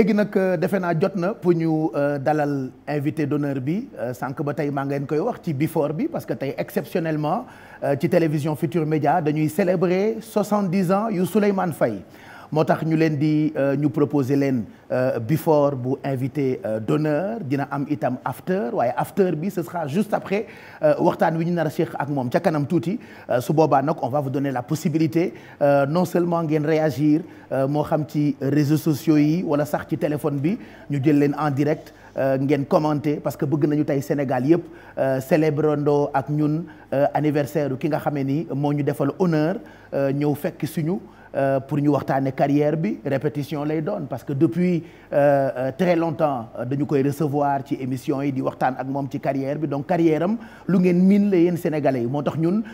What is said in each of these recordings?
léegi nag euh, defe naa jot na pour ñu euh, dalal invité d'honneur bi euh, sànq ba tey maa ngeen koy wax ci before bi parce que tey exceptionnellement ci télévision Futur Média dañuy célébrer soixante-dix ans yu Souleymane Faye moo tax ñu leen di euh, ñu proposer leen euh, before bu invité euh, d'honneur dina am itam after waaye afteur bi ce sera juste après waxtaan wi ñu nar a Cheikh ak moom ca kanam tuuti su boobaa nag on va vous donner la possibilité non seulement ngeen réagir moo xam ci réseaux sociaux yi wala sax ci téléphone bi ñu jël leen en direct ngeen commenter parce que bëgg nañu tey Sénégal yëpp célébrando ak ñun anniversaire ki nga xamee nii moo ñu defal honneur ñëw fekk suñu Euh, pour ñu waxtaane carrière bi répétition lay doon parce que depuis euh, euh, très longtemps dañu koy recevoir ci émission yi di waxtaan ak moom ci carrière bi donc carrière am lu ngeen miin la yéen sénégalais yi moo tax ñun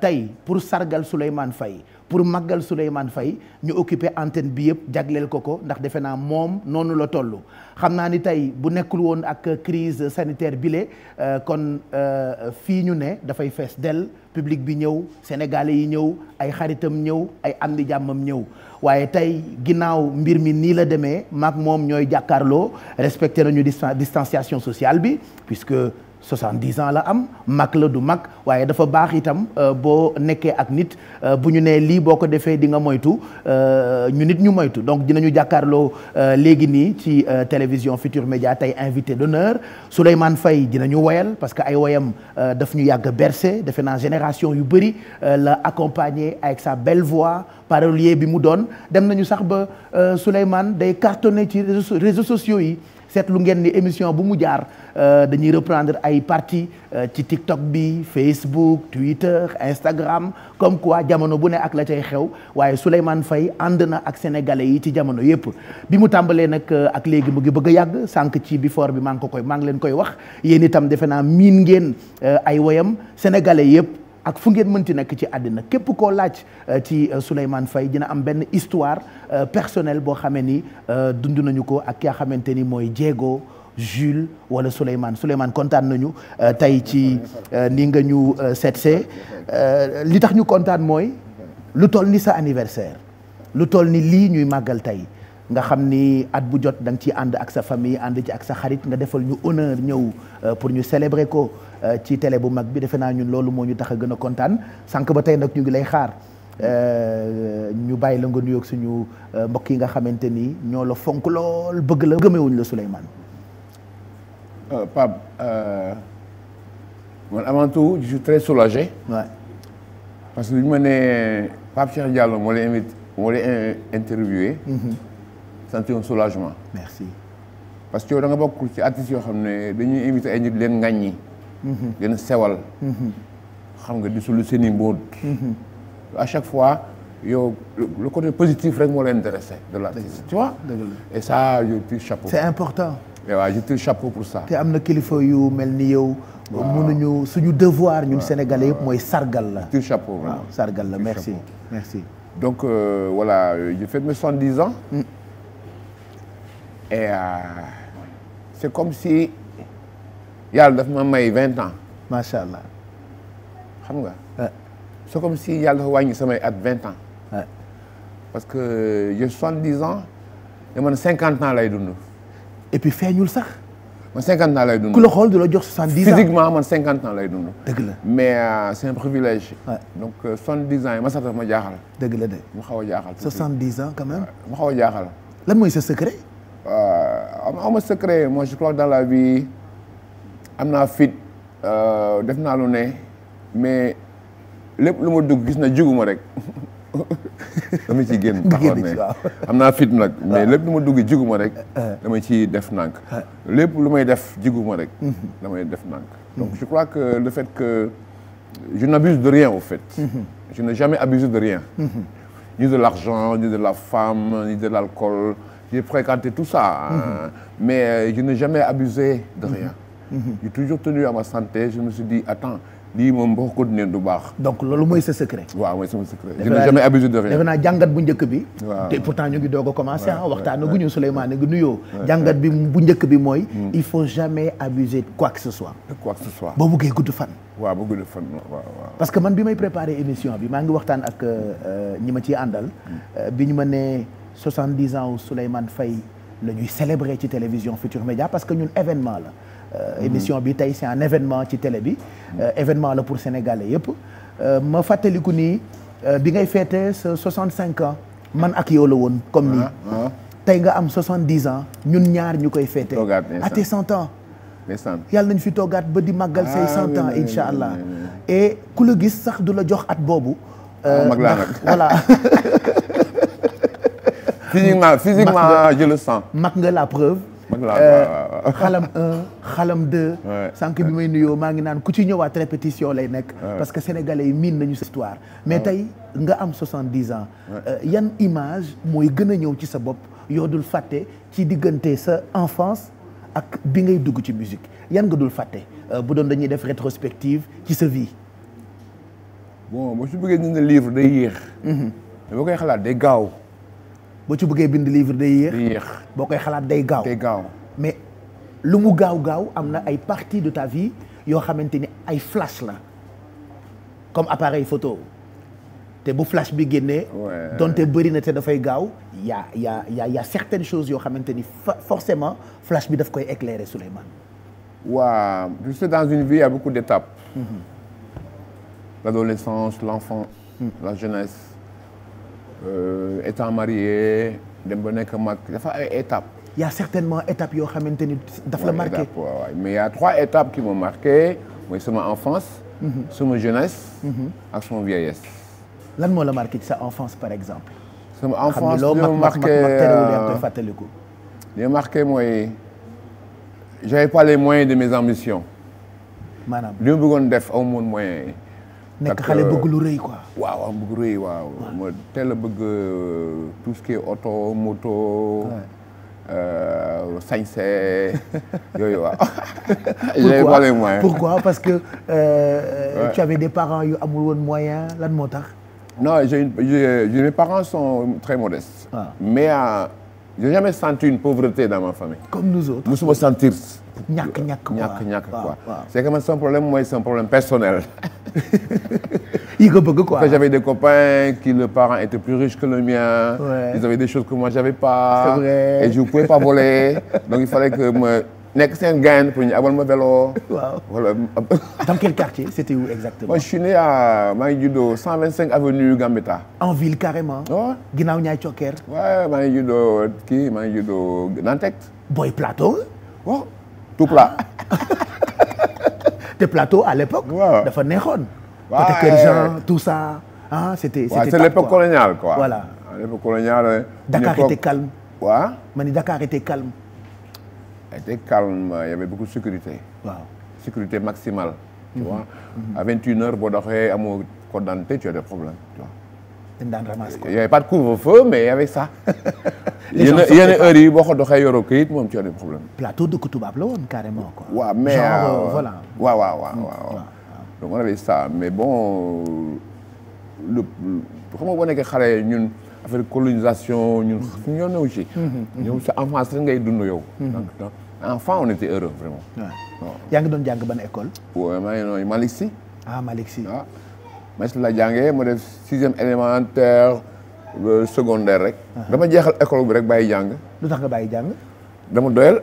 tey pour sargal Souleymane Faye pour màggal Souleymane fay ñu occupé antenne bi yëpp jagleel ko ko ndax defe naa moom noonu la tollu xam naa ni tey bu nekkul woon ak crise sanitaire bile euh, kon euh, fii ñu ne dafay fees dell public bi ñëw sénégalais yi ñëw ay xaritam ñëw ay andi di jàmmam ñëw waaye tey ginnaaw mbir mi nii la demee maag moom ñooy jàkkaarloo respecté nañu distanciation sociale bi puisque 70 ans la am mag la du mag waaye dafa baax itam euh, boo nekkee ak nit euh, bu ñu nee lii boo ko defee di nga moytu euh, ñu nit ñu moytu donc dinañu jàkkaarloo léegi nii ci télévision Futur Média tey invité d'honneur Souleymane Faye dinañu woyal parce que ay woyam daf ñu yàgg bercé defe naa génération yu bëri la accompagné avec sa belle voix parolier bi mu doon dem nañu sax ba Souleymane day cartonné ci réseaux sociaux yi seetlu ngeen ni émission bu mu jaar euh, dañuy reprendre ay partie euh, ci TikTok bi Facebook Twitter Instagram comme quoi jamono bu ne ak la cay xew waaye Souleymane fay ànd na ak sénégalais yi ci jamono yépp bi mu tàmbalee nag euh, ak léegi mu ngi bëgg a yàgg sànq ci before bi maa ngi ko koy maa ngi leen koy wax yéen itam defe naa miin ngeen ay woyam sénégalais yépp ak fu ngeen mënti nekk ci àddina képp koo laaj euh, ci euh, Souleymane Faye dina am benn histoire euh, personnelle boo xamee ni dund nañu ko ak ki nga xamante ni mooy Diego Jules wala Souleymane Souleymane kontaan nañu tey ci ni nga ñu seetsee li tax ñu kontaan mooy lu toll ni sa anniversaire lu toll ni lii ñuy màggal tey nga xam ni at bu jot danga nga ciy ànd ak sa famille ànd ci ak sa xarit nga defal ñu honneur ñëw euh, pour ñu célébrer ko euh, ci télé bu mag bi defe naa ñun loolu moo ñu tax a gën a kontaan sànq ba tey nag ñu ngi lay xaar euh, ñu bàyyi la nga nuyoog suñu mbokk yi nga xamante ni ñoo la fonk lool bëgg la gëmewuñ la Souleymane. Pape man avant tout je suis très soulagé. parce que li ñu ma nee Pape Cheikh Diallo moo lay invité sentir un soulagement. merci. parce que yow da nga bokk ci artistes yoo xam ne dañuy invité ay mhm. sewal. Mhm. xam nga di sulu seen i mbóot. Mhm. à chaque fois yow le côté positif rek moo la intéressé de l'artiste tu vois. et ça je tire chapeau. c'est important. waaw je tire chapeau pour ça. te am na kilifa yu mel ni yow. waaw mënuñu suñu devoir ñun sénégalais yëpp mooy sargal la. tire chapeau waaw sargal la merci. donc euh, voilà euh, j'ai fait mes dix ans. Mm. et euh, c'est comme si yàlla dafa ma may vingt ans. macha allah. xam nga. c'est comme si yàlla dafa wàññi samay at vingt ans. parce que j'ai soixante-dix ans te man cinquante ans lay dund. et puis feeñul sax. man cinquante ans lay dund. ku la jox soixante-dix ans physiquement man cinquante ans lay dund. dëgg mais euh, c'est donc euh, soixante-dix ans yi ma sax dafa ma jaaxal. dëgg la de. ma xaw a jaaxal. soixante-dix ans quand même. ma xaw a jaaxal. lan mooy sa secret. Euh, am ama secret moi je crois que dans am naa fit euh, def naa lu ne mais lépp lu ma dugg gis na juguma rek dama ciy génn taxaw ne am naa fit nag mais lépp lu ma dugg jiguma rek eh, eh. dama ciy def nànk eh. lépp lu may def jiguma rek mm-hmm. damay def nànk mm-hmm. donc je crois que le fait que je n'abuse de rien au fait mm-hmm. je n'ai jamais abusé de rien ni de l'argent ni de la femme ni de l'alcool j'ai fréquenté tout ça. Mm-hmm. mais euh, je n'ai jamais abusé de rien. Mm-hmm. Mm-hmm. j'ai toujours tenu à ma lii moom boo ko continué baax. donc loolu mooy sa secret. waaw mooy sama secret. bu njëkk bi. waaw te pourtant ñu ngi doog a commencé. waaw ah, waxtaanaguñu Souleymane ngi bi bu njëkk bi mooy. Mm. il faut jamais abuser de quoi que ce soit. de quoi que boo buggee gudd fan. parce que man bi may préparé émission bi maa ngi waxtaan ak euh, euh, ñi ma ci àndal. Mm. bi ñu ma nee 70 ans wu Souleymane fay la ñuy célébrer ci télévision Futur Média parce que ñun événement la. Euh, mhm. émission bi tey c'est un événement ci télé bi. Euh, événement la pour sénégalais yëpp. Euh, ma fàttaliku nii euh, bi ngay féete sa cinq ans man ak yow la woon. comme nii ah, ah. tey nga am 70 ans ñun ñaar ñu koy féetee. toogaat à tes 100 ans. yàlla nañ fi toogaat ba di màggal ah, say 100 ans incha allah. et ku la gis sax du la jox at boobu. mag laa physiquement physiquement je le sens. mag nga la preuve. Euh, xalam un xalam deux sànq bi may nuyoo maa ngi naan ku ci ñëwaat répétition lay nekk parce que sénégalais yi miin nañu histoire mais tey nga am soixante-dix ans euh, yan image mooy gën a ñëw ci sa bopp yoo dul fàtte ci diggante sa enfance ak bi ngay dugg ci musique yan nga dul fàtte euh, bu doon dañuy def rétrospective ci sa vie bon su bëggee ñu ne livre day yéex mhm. dama koy xalaat day gaaw boo ci bëggee bind livre day boo koy xalaat day gaaw day gaaw. mais lu mu gaaw gaaw am na ay partie de ta vie yoo xamante ni ay flash la comme appareil photo te bu flash bi génnee. donte bëri na te dafay gaaw. yaa yaa yaa y' a certaines choses yoo xamante ni forcément flash bi daf koy éclairer Souleymane. waaw je sais dans une vie il y a beaucoup d'étapes. Mm-hmm. l'adolescence mm. la jeunesse. Euh, étant marié dem ba nekk mag dafa ay étapes. y a certainement étapes yoo xamante ni daf la marqué. étape waaw waaw mais y trois étapes qui m'ont marqué mooy sama enfance. Mhm. sama jeunesse. Mhm. ak sama vieillesse. lan moo la marqué ci sa enfance par exemple. sama enfance li ma marqué euh, fàttaliku. li ma marqué mooy j'avais pas les moyens de mes ambitions. maanaam li ma bëggoon def aw nekk xale euh, bëgg lu rëy quoi. waaw waaw bëgg rëy waaw. ma teel a bëgg euh, tout ce qui est oto moto. Euh, sañse yooyu waaw. pourquoi pourquoi parce que. Euh, ouais. tu avais des parents yu amul woon moyen lan moo tax. non j'ai j'ai mes parents sont très modestes. Ah. mais euh, j'ai jamais senti une pauvreté dans ma famille. comme nous autres. musuma sentir. ñàkk ñàkk ñàkk ñàkk quoi c'est que man sama problème mooy sama problème personnel yi ko bëgg quoi j'avais des copains qui le parent était plus riche que le mien ouais. ils avaient des choses que moi j'avais pas c'est vrai et je pouvais pas voler donc il fallait que me nekk seen gain pour ñu abal ma vélo. waaw voilà. dans quel quartier c'était où exactement. moi je suis né à maa ngi juddoo 125 avenue Gambetta. en ville carrément. waaw ginnaaw ñaay cokkeer. waaw maa ngi juddoo kii maa ngi juddoo Nantec. Boy Plateau. waaw. Oh. tout plat. te plateau à l'époque dafa tout ça c'est l'époque coloniale quoi. voilà l'époque coloniale. Dakar était calme. waaw Dakar était calme. était avait beaucoup sécurité. sécurité maximale. tu mhm. vois mhm. à 21h boo doxee amoo code dañ daan ramasse ko. yooyu pas de couvre-feu mais avec ça. yenn yenn heures yi boo ko doxee yoroo këyit moom ci woon problème. plateau dëkk tubaab la woon carrément quoi. waaw mais genre euh, euh, voilà. Mm, waaw waaw waaw donc on avait ça mais bon lu xam nga boo nekkee xale ñun affaire colonisation ñun mm-hmm. ñoo ñëw ci. ñoom mm-hmm. sa enfance rek ngay dund yow. Mm-hmm. donc enfant on était heureux vraiment. waaw yaa ngi doon jàng ban école. waaw maa ngi doon Malick Sy. ah Malick Sy waaw. Ah. Maïs la jàngee ma def sixième élémentaire secondaire rek. Ah. dama jeexal école bi rek bàyyi jàng. lu tax nga bàyyi jàng. dama doyal.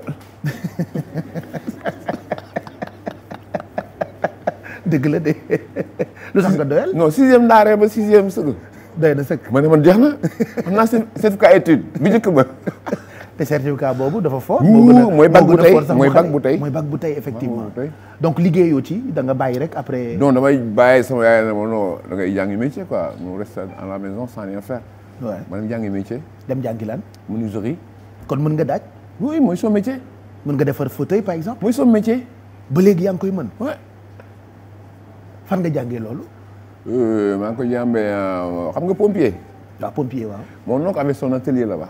dëgg la de lu tax nga doyal. non sixième ndaaree ba sixième sëgg. doy na sëkk ma ne man jeex na. xam naa certificat étude bu njëkk ba. te certificat boobu dafa fort. moo gën a mooy bac bu tey mooy bac bu tey mooy bac tey effectivement. donc liggéey ci da nga bàyyi rek après. non damay bàyyi sama yaay ne ma non dangay jàngi métier quoi mu reste à la maison dem jàngi métier. dem jàngi kon mën nga daaj. oui mooy son métier. mën nga defar fauteuil par exemple. mooy son métier. ba léegi yaa koy man waaw. fan nga jàngee loolu. Euh, maa ngi koy jàmbee euh, xam nga pompier. waaw ah, pompier waaw. mon oncle avait son atelier la ba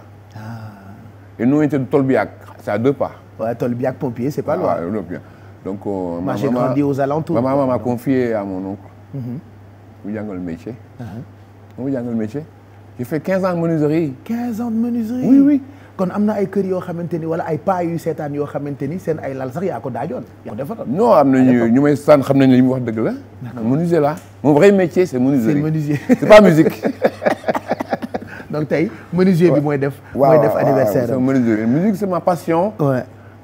et nous on sa de Tolbiac c'est à deux pas. Ouais, Tolbiac pompier c'est pas loin. Ah, donc euh, ma j'ai grandi aux alentours. ma maman m'a confié à mon oncle. mu mhm. jàngal métier. mu uh-huh. jàngal métier. j'ai fait quinze ans de menuiserie. quinze de menuiserie. oui oui. kon am na ay kër yoo xamante ni wala ay paa yu seetaan yoo xamante ni seen ay lal sax yaa ko daajoon. yaa non am na ñu ñu may sànn xam nañ li mu la. menuisier la mon vrai métier c'est menuiserie. c'est menuisier donc tey menuisier bi mooy def. mooy def anniversaire am menuisier musique c'est ma passion.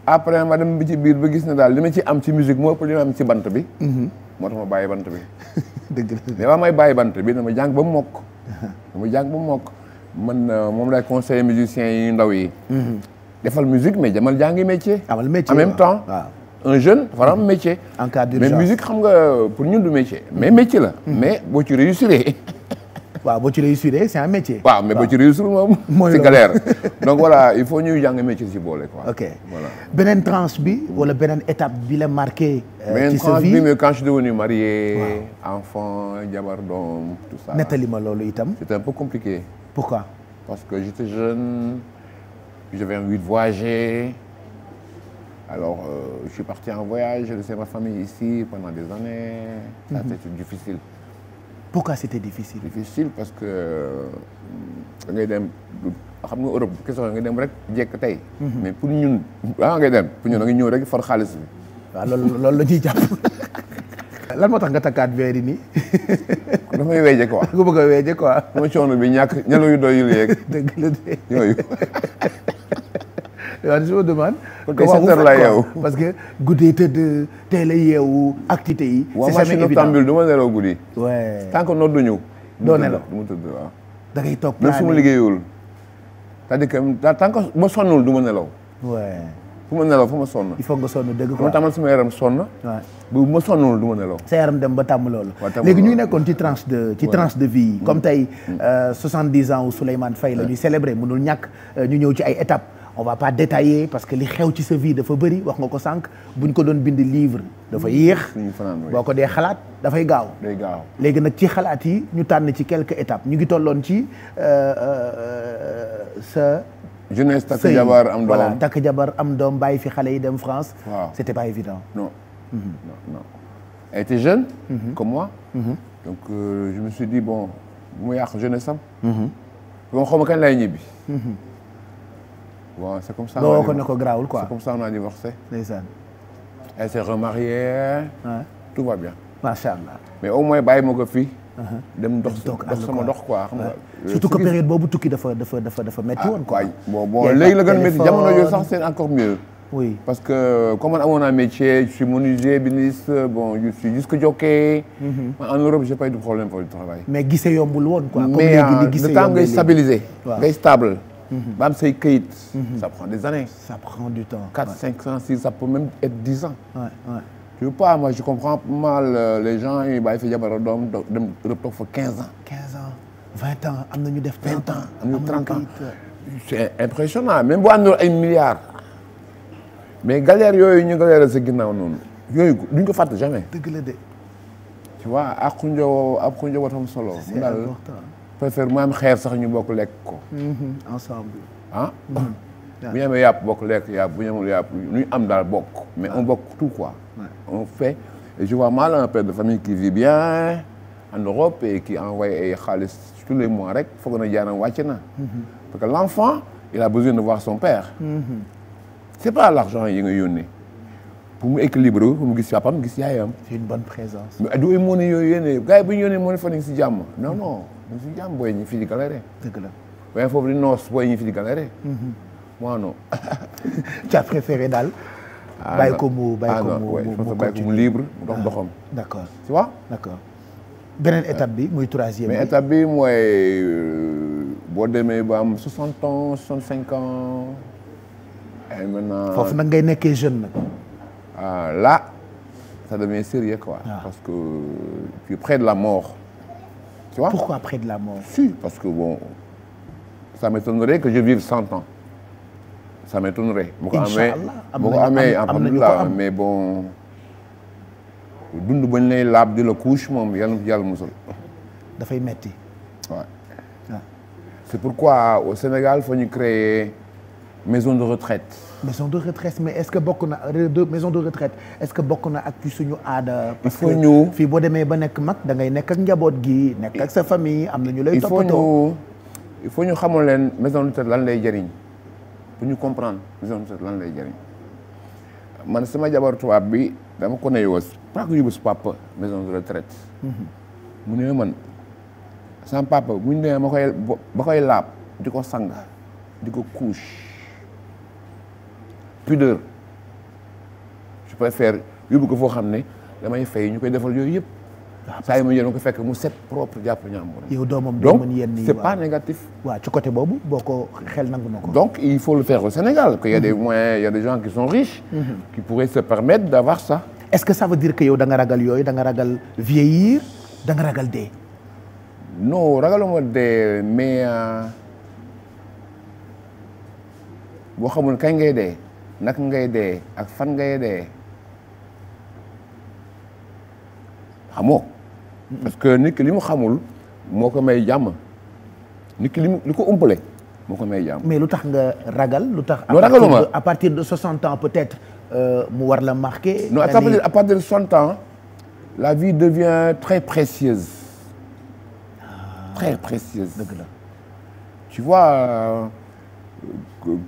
après ma dem bi ci biir bi gis na daal li ma ci am ci musique moo ëpp li ma am ci bant bi. Mhm. moo tax ma bàyyi bant bi. dëgg la mais waa may bàyyi bant bi dama jàng ba mu mokk. dama jàng ba mu mokk man euh, moom laay conseiller musiciens yi ndaw yi. Mhm. defal musique mais jamal jàngi métier. amal métier en même temps. un jeune war am métier. en cas d'urgence mais musique xam nga pour ñun du métier. mais métier la. Mhm. mais boo ci réussir. waaw boo ci réussir c'est un métier. waaw mais boo ci réussir moom. mooy loolu c'est donc voilà il faut ñuy jàng métier si boole quoi. ok voilà beneen tranche bi wala beneen étape bi la marqué. Euh, ci sa vie beneen tranche mais quand je suis marié. enfant jabar doom tout ça. nettali ma loolu itam. c'était un peu compliqué. pourquoi. parce que j'étais jeune j'avais envie de voyager alors euh, je suis parti en voyage j'ai laissé famille ici pendant des années. ça mm difficile. pour pourquoi c'était difficile. difficile parce que da euh, dem xam nga Europe question da ngay dem rek jekk tey. Mhm. mais pour ñun ah ngay dem pour ñun da ngay ñëw rek for xaalis bi. waaw loolu la ñuy jàpp. lan moo tax nga takkaat weer yi nii. damay weeje quoi. ku bëgg a weeje quoi. mooy coono bi ñàkk ñalu yu doyul yeeg. dëgg la de yooyu. waaw je me demande. kon parce que guddee tëdd teel a yeewu activité yi. c'est jamais évident waaw machine noctambule du ma nelaw guddi. tant que nodduñu. doo nelaw du ma tëdd waaw. da ngay toog même su ma liggéeyul. c'est-à-dire que tant que ma sonnul du ma nelaw. fu ma nelaw fu il faut nga sonn dëgg ko ma tamal sama yaram sonn. waaw bu ma sonnul du ma nelaw. sa yaram dem ba tàmm loolu. léegi ñu ngi nekkoon ci tranche de ci tranche de vie yi. Mm. comme tey 70 mm. euh, ans wu Souleymane fay la ñuy célébrer mënul ñàkk euh, ñu ñëw ci ay étapes. on va pas détailler parce que li xew ci sa vie dafa bëri wax nga ko sànq buñ ko doon bind livre dafa yéex boo ko dee xalaat dafay gaaw léegi nag ci xalaat yi ñu tànn ci quelques étapes ñu ngi tolloon ci euh, euh, sa jeunesse takk jabar am doom voilà jabar am doom bàyyi fi xale yi dem France waaw c'était pas évident non mhm. non non elle était jeune mhm. comme moi mhm. donc euh, je me suis dit bon mu yàq jeunesse am bon xaw ma kañ lay ñibbi bon c'est comme ça. boo ko ne ko garaawul quoi c'est comme ça on a divorcé. ndeysaan. elle s'est remariée. Ouais. tout va bien. macha allah mais au moins bàyyi ma ko fii. Uh-huh. dem dox dox sama dox quoi xam nga. Euh, surtout que période boobu tukki dafa dafa dafa dafa métti ah, woon quoi. bon bon léegi la gën métti jamono yooyu sax c'est encore mieux. oui parce que comme man amoon naa métier je suis menuisier béniste bon je suis disque jockey. Mm-hmm. en Europe j'ai pas eu de problème pour le travail. mais gisee yombul woon quoi. comme léegi euh, ni gisee yombul mais le temps ngay stabiliser. waaw ngay stable. ba am say kayit. ça prend des années. ça prend du temps. 4 ouais. 5 ans 6 ça peut même être 10 ans. Ouais, ouais. tu mal euh, les gens yi bàyyi fi jabar doom dem toog fa 15 ans. 15 ans 20 ans am na ñu def. 20 ans am na ñu 30 ans c'est impressionnant même bu àndoon ay milliards. mais galère yooyu ñu galère sa ginnaaw noonu. yooyu duñ ko fàtte jamais. dëgg la de. tu préfère mu am xeer sax ñu bokk lekk ko. Mhm, ensemble. ah. Mhm. bu ñu amee yàpp bokk lekk yàpp bu ñu amul yàpp ñu am daal bokk. mais on bokk tout quoi. Ouais. on fait et je vois mal un père de famille qui vit bien en Europe et qui envoie ay xaalis tous les mois rek foog na jaanam wàcc na. Mhm. parce que l' enfant il a besoin de voir son père. Mm -hmm. c' est pas l' argent yi nga yónnee pour mu équilibré pour mu gis papam gis yaayam. c' est une bonne présence. mais du ay mën a yónnee gars yi bu ñu yónnee mën a fan si jàmm non non. dañ si jàmm booy ñi fi di galéré. dëgg la waaye foofu di noos booy ñi fi di galéré. Mhm. moi ah, non. tu as préféré daal. ah bàyyi ko mu bàyyi ko mu mu mu bàyyi ko mu libre mu dox ah, doxam. d' accord tu vois. d' accord beneen étape bi muy troisième. mais étape bi mooy euh, boo demee ba am soixante ans soixante cinq ans. ay maintenant foofu nag ngay nekkee jeune nag. ah là ça devient sérieux quoi. Ah. parce que euh, tu es près de la mort. Tu vois Pourquoi après de la mort parce que bon, ça m'étonnerait que je vive 100 ans. Ça m'étonnerait. bu ko amee bu ko amee alhamdulilah mais bon dund bañ lay laab di la couche moom yàlla na yàlla musal. dafay metti. waaw. Ah. c'est pourquoi au Sénégal faut ñu créer maison de retraite. maison de retraite mais est-ce que bokk na maison de retraite est-ce que bokk na ak ci suñu aada. parce que fii boo demee ba nekk mag da ngay nekk ak njaboot gi. nekk ak sa famille am na ñu lay. toppatoo il faut ñu il faut ñu xamal leen maison de retraite lan lay jariñ pour ñu comprendre maison de retraite lan lay jëriñ man sama jabar tubaab bi dama ko ne yow pas que yóbbu papa maison de retraite. Mm-hmm. mu ne man sama papa bu ñu nee ma koy ba koy laab di ko sang di ko couche. pudeur je préfère yóbbu ko foo xam ne damay fay ñu koy defal yooyu yëpp. Ah, saa yi ma yéen ko fekk mu set propre jàpp ñaamur. yow doomam du mën yenn yi waaw ci côté boobu boo ko xel nangu na ko. donc il faut le faire au Sénégal. parce que y a des mhm. moyens y des gens qui sont riches. Mhm. qui pourraient se permettre d'avoir ça. est-ce que ça veut dire que yow da nga ragal yooyu danga nga ragal vieillir da ragal dee. non ragaluma dee mais euh, boo xamul naka ngay dee ak fan ngay dee xamoo parce que nit ki li mu xamul moo ko may jàmm nit ki li mu li ko umpale moo ko may jàmm. mais lu tax nga ragal lu tax. non ragaluma à partir de soixante ans peut-être euh, mu war la marqué. non à partir de soixante ans la vie devient très précieuse. Ah. très précieuse. dëgg la tu vois. Euh,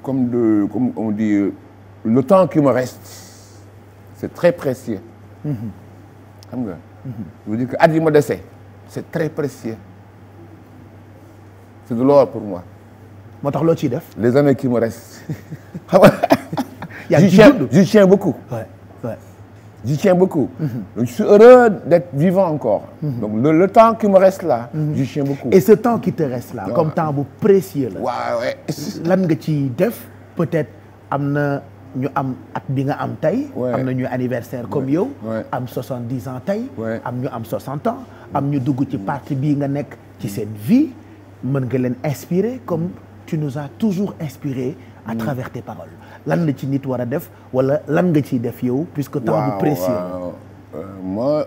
comme de comme on dit euh, le temps qui me reste c'est très précieux. xam nga. je veux dire c'est très précieux. c'est de l'or pour moi. moo tax loo ciy def. les années qui me restent. xam nga. yaa j'y tiens beaucoup. j'y tiens beaucoup. Mhm. je suis heureux d'être vivant encore. Mhm. le, le temps qui me reste là. Mhm. et ce temps qui te reste là. Ah. comme temps bu précieux la. waaw lan nga ci def peut-être am ñu am at bi nga am tey. am na ñuy anniversaire comme yow. am soixante dix ans tey. am ñu am soixante ans. am ñu dugg ci parti bii nga nekk ci mm. seen vie mën nga leen inspirer comme tu nous as toujours inspiré. à mm. travers tes paroles lan la ci nit war a def wala lan nga ciy def yow. puisque temps bu précieux waaw euh, moo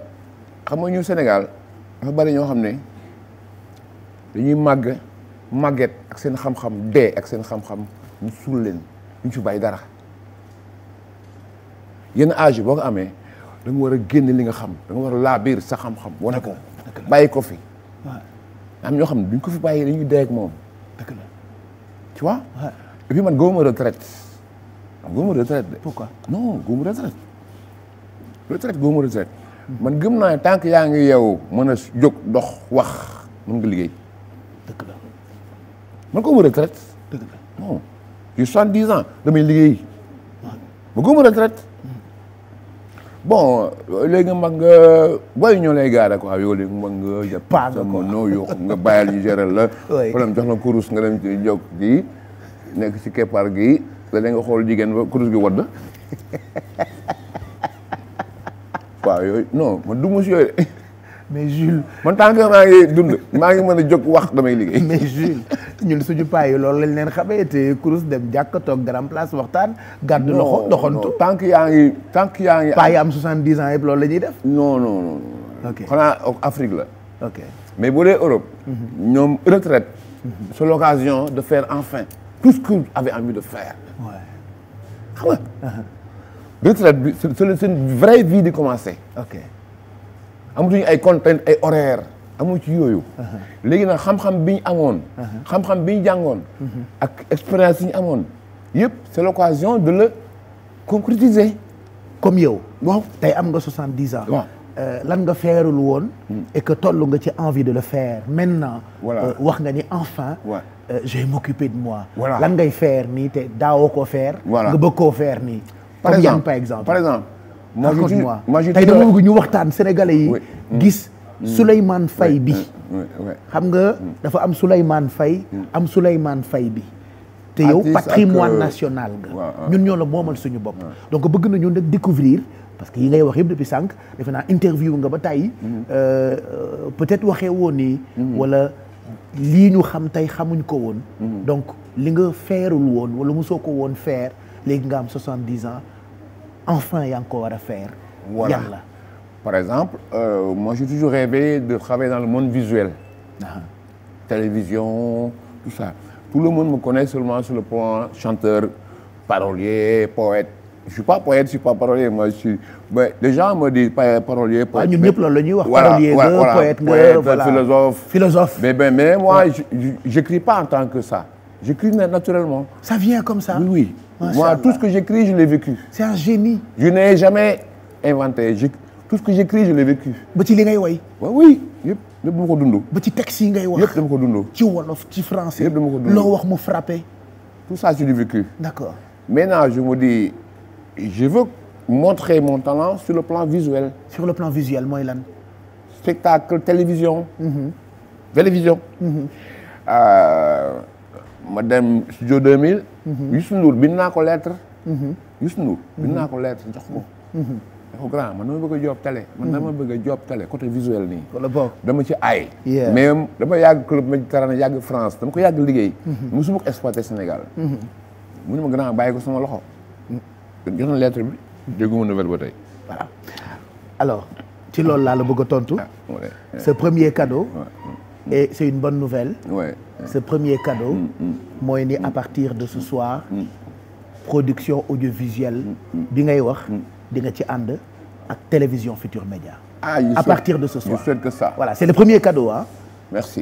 xam nga ñu Sénégal dafa bari ñoo xam ne dañuy màgg màgget ak seen xam-xam dee ak seen xam-xam ñu suul leen ñu ci bàyyi dara. yenn âge yi boo ko amee da nga war a li nga xam da nga war a laa biir sax xam-xam. wane ko bàyyi ko fi. am ñoo xam ne duñ ko fi bàyyi dañuy dee ak moom. dëgg la tu vois. et puis man góobu ma retraite góobu ma retraite de. pourquoi man gëm naa ne yaa ngi yow mën a jóg dox wax mën nga liggéey. dëgg la man góobu ma retraite. dëgg la non damay liggéey. ma góobu ma bon léegi mag nga booy ñoo lay gaara quoi yow léegi mag nga jàpp paaka quoi noo yoo nga bàyyal ñu géral la problème jox la kurus nga dem ci jog gi nekk ci keppaar gi la da nga xool jigéen ba kurus gi wadd waaw yooyu non man du mos yooyu de mais Jules. man tant que maa ngi dund maa ngi mën a jóg wax damay liggéey. mais Jules ñun suñu paa yi loolu lañ leen xamee te kurus dem jàkka toog grand place waxtaan. gàddu loxo doxantu yaa ngi tant yaa ngi. paa yi am 70 ans yëpp loolu la ñuy def. non non non. ok xanaa Afrique la. mais bu dee Europe. Mhm. ñoom retraite. c'est de faire enfin tout ce qu'on avait envie de faire. xam nga. retraite bi c'est c'est une vie di commencer. ok. amatuñu ay contraintes ay horaires amu ci yooyu. Uh-huh. léegi nag xam-xam bi ñu amoon. Uh-huh. xam-xam bi ñu jàngoon. Uh-huh. ak expérience yi ñu amoon yëpp c'est l'occasion de le concrétiser. comme yow. waaw tey am nga soixante-dix ans. waaw euh, lan nga feerul woon. Hmm. et que toll nga ci envie de le fair maintenant. voilà euh, wax nga ni enfin. Ouais. Euh, je vais m'occuper de moi. lan ngay faire nii te daawoo ko faire. voilà nga bëgg koo faire nii. par par exemple. raconte-moi tey dama bëgg ñu waxtaan sénégalais yi gis mm. Souleymane fay bi xam nga mm. dafa am Souleymane fay mm. am Souleymane Faye bi te yow patrimoine euh, national nga ñun ñoo la moomal suñu bopp donc bëgg na ñun nag découvrir parce que yi ngay wax yëpp depuis sànq defe naa interview nga ba tey euh, euh, peut-être waxee woon nii wala lii ñu xam tey xamuñ ko woon donc li nga feerul woon wala mosoo ko woon faire léegi nga am soixante-dix ans enfant yaa ngi ko war a faire. voilà yàlla par exemple euh, moi j'ai toujours rêvé de travailler dans le monde visuel. Ah. télévision tout ça tout le monde me connaît seulement sur le point chanteur parolier poète je suis pas poète je suis pas parolier moi je suis mais les gens me disent parolier poète. Ah, ñun ñëpp loolu la ñuy wax. parolier voilà poète nga voilà philosophe. philosophe mais mais, mais moi ouais. je j'écris pas en tant que ça. j'écris naturellement. ça vient comme ça oui. oui. Moi, tout ce que j'écris, je l'ai vécu. C'est un génie. Je n'ai jamais inventé. Je... je l'ai vécu. ba ci li ngay way. waaw oui yëpp yëpp dama ko dund. ba ci texte yi ngay wax yëpp dama ko dund. ci wolof ci français. yëpp ko dund loo wax mu frappé. tout ça, je l'ai vécu. d'accord maintenant je me dis je veux montrer mon talent sur le plan visuel. sur le plan visuel mooy lan. spectacle télévision. Mm -hmm. télévision. Mhm. Euh, ma mm -hmm. studio Mm-hmm. Youssou Ndour bind naa ko lettre. Mm-hmm. Youssou Ndour bind naa mm-hmm. ko lettre jox ko. dafa grand man dama bëgg a job télé. man dama bëgg a job télé côté visuel nii. wala boog dama ci ay. mais dama yàgg club Méditerranée yàgg France dama ko yàgg liggéey. mosuma ko exploité Sénégal. mu ne ma grand bàyyi ko sama loxo. jox na lettre bi nouvelle ba tey voilà. alors ci laa la bëgg a tontu. Ah, ce premier cadeau. et c'est une bonne nouvelle. ce premier cadeau. Mm, mm. mooy ni à partir de ce soir production audiovisuelle bi ngay wax di nga ci ànd ak télévision Futur Média ah, à partir de ce soir je souhaite que ça voilà c'est le premier cadeau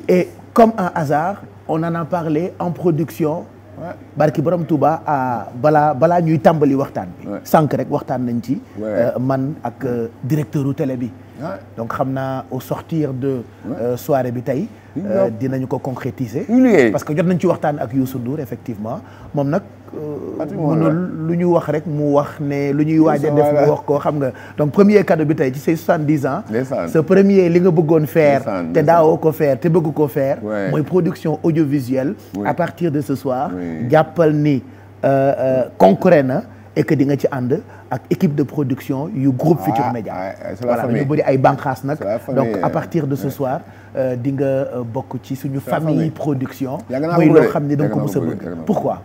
et comme un hasard on en a parlé en production barki borom Touba a balaa balaa ñuy tàmbali waxtaan bi sànq rek waxtaan nañ ci euh, man ak euh, directeur u télé bi Ah. donc xam naa au sortir de euh, soirée bi tey euh, dinañu ko concrétiser parce que jot nañ ci waxtaan ak Youssou Ndour effectivement moom nag euh, mënul lu ñu wax rek mu wax ne lu ñuy waaj a def mu wax ko xam nga donc premier cadeau bi tey ci ses soixante-dix ans sa premier li nga bëggoon faire te daawoo ko faire te bëgg ko faire mooy production audiovisuelle à partir de ce soir jàppal ni concret na et di nga ci ànd ak équipe de production yu groupe ah, Futurs Médias voilà dañu bëri ay nag donc à partir de ce soir euh, di nga euh, bokk ci suñu famille production muy loo a bëgg pourquoi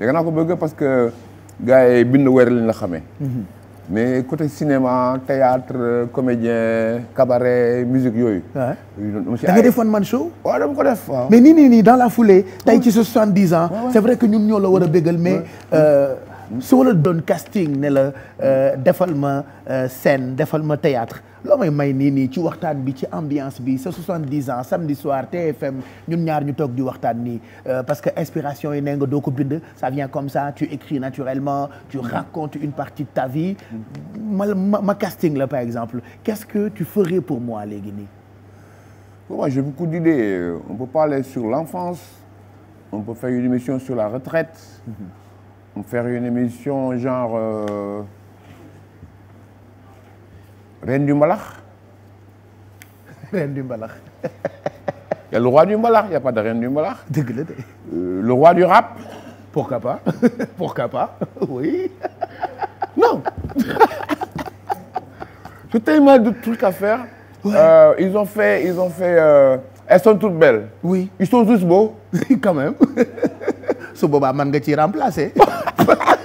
yàgg naa ko bëgg parce que gars bind weer lañ la xamee mhm. mais côté cinéma théâtre comédien cabaret musique yooyu. da nga man show. mais nii nii nii dans la foulée. tey ci sa soixante-dix ans. c'est vrai que ñun ñoo la war a bégal mais. Euh, soo la doon casting ne la euh, defal ma euh, scène defal ma théâtre loo may may nii nii ci waxtaan bi ci ambiance bi sa 70 ans samedi soir TFM ñun ñaar ñu toog di waxtaan nii euh, parce que inspiration yi ne nga doo ko bind ça vient comme ça tu écris naturellement tu mm-hmm. racontes une partie de ta vie ma casting la par exemple qu'est-ce que tu ferais pour moi léegi nii. moi j'ai on peut parler sur l'enfance on peut faire une émission sur la retraite. Mm-hmm. faire une émission genre euh, Reine du Mbalax. Reine du Mbalax. Il y a le roi du Mbalax, il n'y a pas de Reine du Mbalax. Dëgg la de. Euh, le roi du rap. Pourquoi pas? Pourquoi pas? Oui. Non. J'ai tellement de trucs à faire. Ouais. Euh, ils ont fait, ils ont fait, euh, elles sont toutes belles. Oui. Ils sont tous beaux. Quand même. su boobaa man nga ciy remplacer.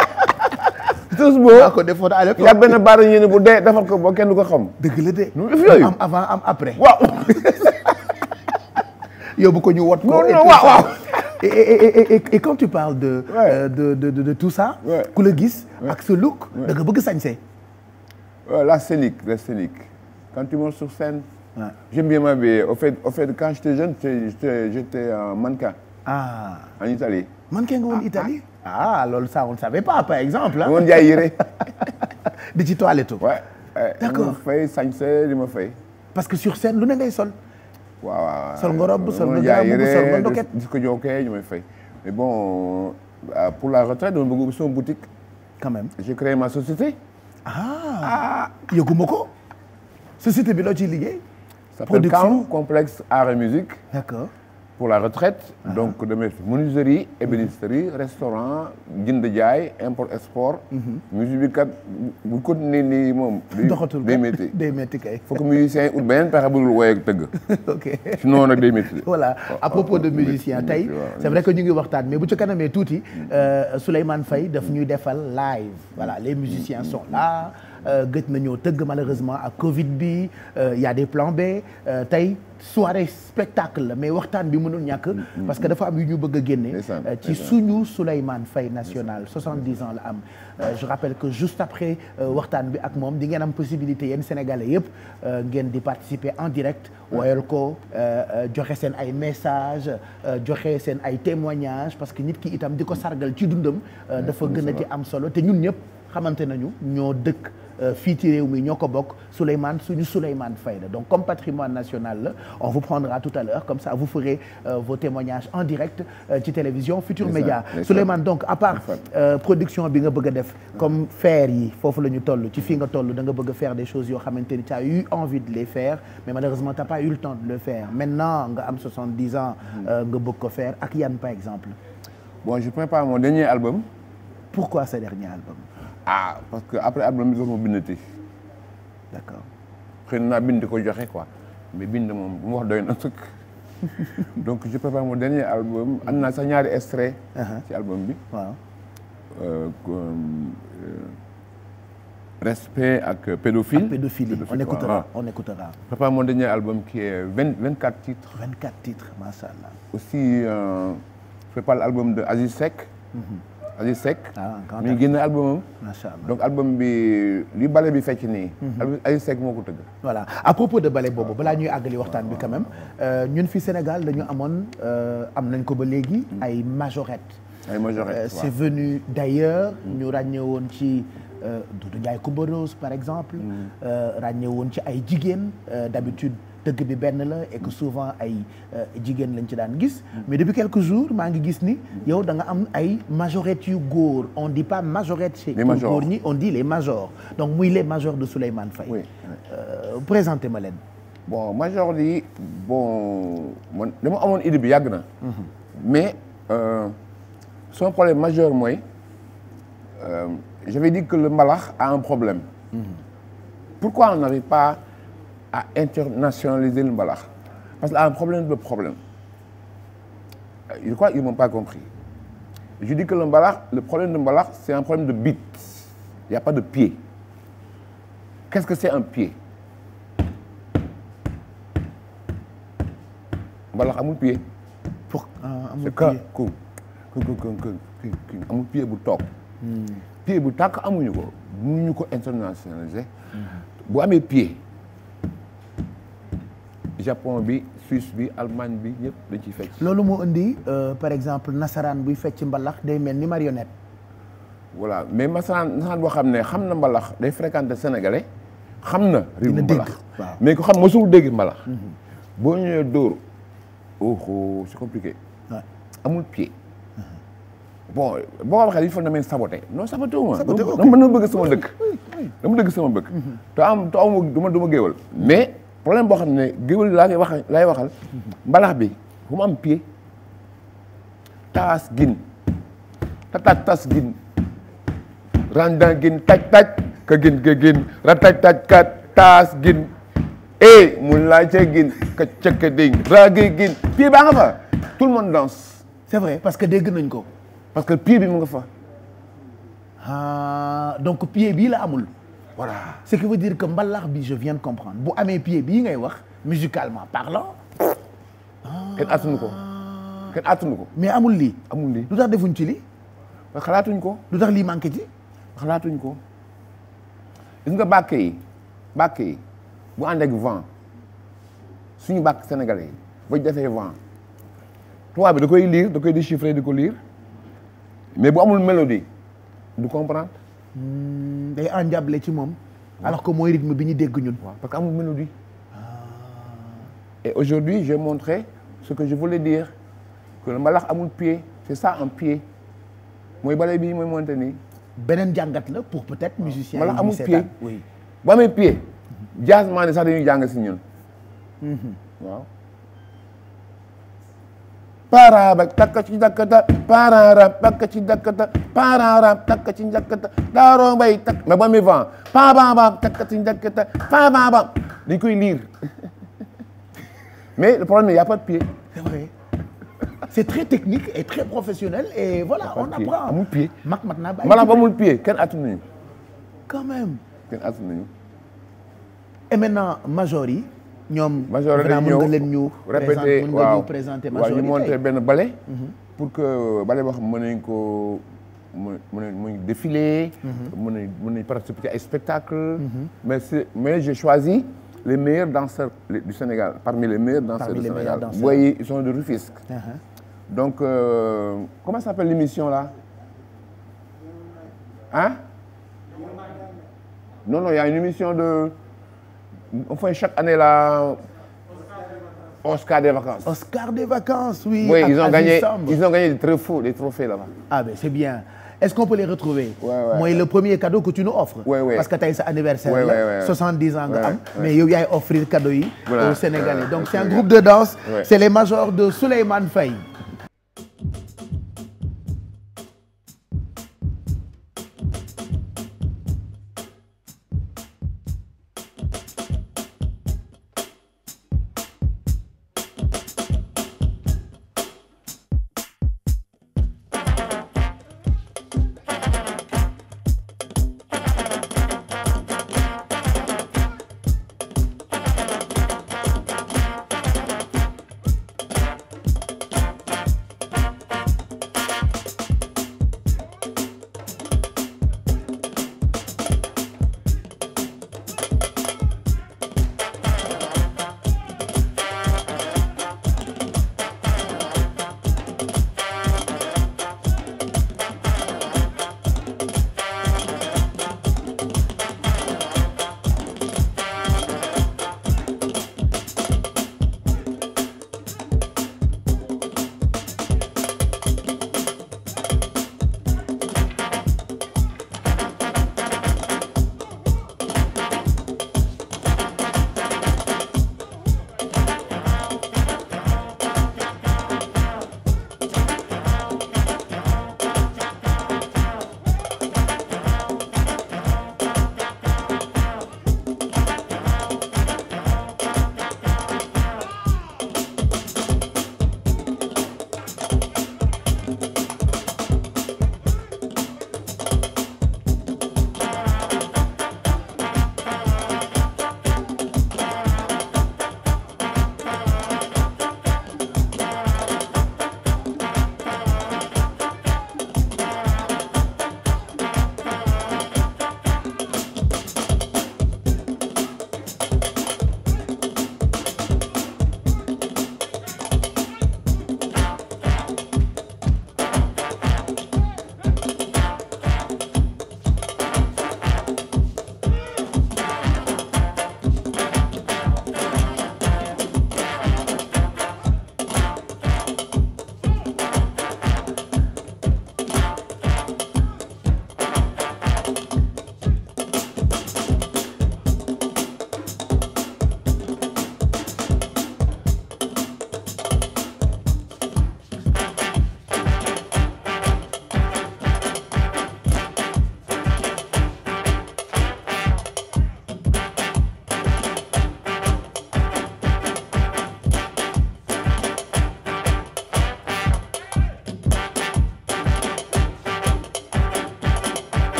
tos boo yaa ko defoon à l'époque yaa bu dee defar ko boo kenn du ko xam. de. yooyu am avant am après. waaw. yóbbu ko ñu wot ko. non non tu parles euh, de. de de de de ku la gis ak sa look. da nga sañse. la scénique la scénique quand tu montes sur scène. Ouais. j'aime bien au fait au fait quand j'étais jeune j'étais j'étais mannequin. ah en Italie. mannequin nga woon ah, Italie. Ah. ah loolu ça on ne savait par exemple ah. woon jaay yére. di ci toilette. d'accord ma fay sañse di ma fay. parce que sur scène lu ne ngay sol. waaw waaw sol nga robe sol nga gaaw sol nga ndoket. di ko jokkee ñu fay mais bon euh, ah, pour la retraite dama bëgg ubbi sama boutique. quand même j'ai créé ma société. ah yëguma ko. société bi loo ciy liggéey. production complexe art et musique. d'accord. pour la retraite donc de def menuiserie ébénisterie restaurant jënd jaay import export mhm. musique bi kat bu continuer nii moom doxatul day métti day métti kay faut que musicien ut beneen pexe bu dul woy ak tëgg ok sinon nag day métti voilà à propos de musicien tey c'est vrai que ñu ngi waxtaan mais bu ci kanamee tuuti mhm. euh, Souleymane Faye def ñuy defal live voilà les mhm. musiciens sont là Euh, gëj na ñoo tëgg malheureusement ak Covid bi euh, y a des plans B euh, tey soirée spectacle la mais waxtaan bi mënul ñàkk. parce que dafa am yu ñu bëgg a génne. ci suñu Souleymane Faye national 70 ans la am. je rappelle que juste après waxtaan bi ak moom di ngeen am possibilité yéen sénégalais yëpp ngeen di participer en direct. woyal ko joxe seen ay messages joxe seen ay témoignages parce que nit ki itam di ko sargal ci dundam. dafa gën a di am solo te ñun ñëpp xamante nañu ñoo dëkk. Euh, fii ci réew mi ñoo ko bokk Souleymane suñu Souleymane Faye la donc comme patrimoine national la on vous prendra tout à l'heure comme ça vous ferez euh, vos témoignages en direct euh, ci télévision Futur Média Souleymane donc à part production bi nga bëgg def comme faire yi foofu la ñu toll ci fii nga toll da nga bëgg a des choses yoo xamante ni tu as eu envie de les faire mais malheureusement t'as pas eu le temps de le faire maintenant nga am 70 ans mm. ko faire ak yan par exemple bon je prépare mon dernier album ah parce que après album bi dootuma bindati d' accord xëy na naa bind ko joxe quoi mais bind moom bu ma wax donc je prépare mon dernier album am naa sax ñaari extrait uh-huh. ci album bi euh, euh, respect ak pédophile. pédophile on écoutera on mon dernier album qui est vingt vingt quatre titres. vingt quatre titres macha allah. aussi euh, de Aziz Aziz Seck. waaw ah, mi ngi génn album am. macha allah donc album bi li bale bi fecc nii. Mhm. Aziz Seck moo ko tëgg. voilà à propos de bale boobu balaa ñuy àggali waxtaan bi quand même euh, ñun fi Sénégal dañu amoon euh, am nañ ko ba léegi. Mhm. ay majorettes. ay majorettes euh, waaw c'est venu d'ailleurs. Mhm. ñu ràññeewoon ci. Doudou ko ba Rose par exemple. ràññeewoon ci ay jigéen d'habitude dëgg bi benn la et que souvent ay euh, jigéen lañ ci daan gis mais depuis quelques jours maa ngi gis ni yow da nga am ay majorette yu góor on dit pas majorette chez góor ñi on dit les majors donc muy le majors de Souleymane Faye oui, euh, oui. bon major yi bon man amoon idée bi yàgg na mhm. mais euh, son problème majeur mooy euh, j'avais dit que le mbalax a un problème mhm. pourquoi on n'arrive pas à internationaliser le mbalax parce que là, un problème de problème euh, je crois ils m'ont pas compris je que le mbalax le problème de mbalax c'est un problème de beat il n'y a pas de pied qu'est-ce que c'est un pied mbalax amul pied pour euh, amul pied ku ku ku ku amul pied bu toog hmm. pied bu tàkk amuñu ko mënuñu ko internationaliser hmm. bu amee pied Japon bi Suisse bi Allemagne bi ñëpp dañ ciy fecc. loolu moo indi euh, par exemple nasaraan buy fecc mbalax day mel ni marionet voilà mais nasaraan nasaraan boo xam ne xam na mbalax day fréquenté sénégalais xam na. riibu mbalax mais ku xam mosul dégg mbalax. Mhm. boo ñëwee dóor oh c'est compliqué. amul pied. Mhm. bon boo ko waxee dañu fa na meen saboté dama bëgg sama dëkk. dama dëgg sama bëgg. Mhm. te am te amu du ma problème boo xam ne géwél laa ngay wax laay waxal bi bu mu am pied taas gin tataaj tas gin randan gin taj taj ka gin ka gin rataj taj ka taas gin e mu laaj ca gin ka cëkka ding ragi gin pied baa fa tout le monde danse c'est vrai parce que dégg nañ ko parce que pied bi mu nga fa ah donc pied bii la amul voilà ce qui veut dire que mbalax bi je viens de comprendre bu amee pied bii ngay wax musicalement parlant. Ah. kenn attanu ko kenn attanu ko. mais amul lii. amul lii lu tax defuñ ci lii. xalaatuñ ko. lu tax lii manqué ci. xalaatuñ ko gis nga bàkk yi bàkk yi bu ànd ak vent suñu bàkk sénégalais yi ba defee vent da koy lire da koy déchiffrer di ko lire mais bu amul mélodie du comprendre. Hmm, day endiablé ci moom. alors que mooy rythme bi ñu dégg ñun. waaw parce que amul mélodie. Ah. et aujourd'hui j'ai montré ce que je voulais dire que le mbalax amul pied c'est ça un pied mooy bale bi mooy monte ni beneen jàngat la pour peut-être musicien mbalax amul pied oui. bu amee pied jazz maa ne sax dañuy jàng si ñun mhm. waaw. paraba takkaci dakkata parara takkaci dakkata parara takkaci dakkata daaro bay tak ma ba mi vent pababa takkaci dakkata pababa dañ koy lire mais le problème il y a pas de pied oui. c'est technique et très professionnel et voilà on apprend amul pied mag pied kenn atunuñu quand même kenn atunuñu et maintenant major yi ñoom vraiment mën nga leen ñu répété waaw présenté majorité waaw ñu benn ballet mhm. pour que ballet boo xam mën nañ ko mhm. mën nañ défilé mën nañ mën nañ participer ci ay spectacle mhm. mais je mais j'ai choisi les meilleurs danseurs du Sénégal parmi les meilleurs danseurs du Sénégal booy ils sont de Rufisque uh-huh. donc euh, non non il y a une émission de enfin chaque année la Oscar des vacances. Oscar des vacances, oui. Oui, ils ont gagné, ils ont gagné des ah, c'est bien. Est-ce qu'on peut les retrouver ouais, ouais. le premier cadeau que tu nous offres ouais, parce que tey anniversaire soixante-dix ans nga mais yow yaay offrir cadeau yi voilà. aux Sénégalais donc c'est un groupe de danse c'est les majors de Souleymane Faye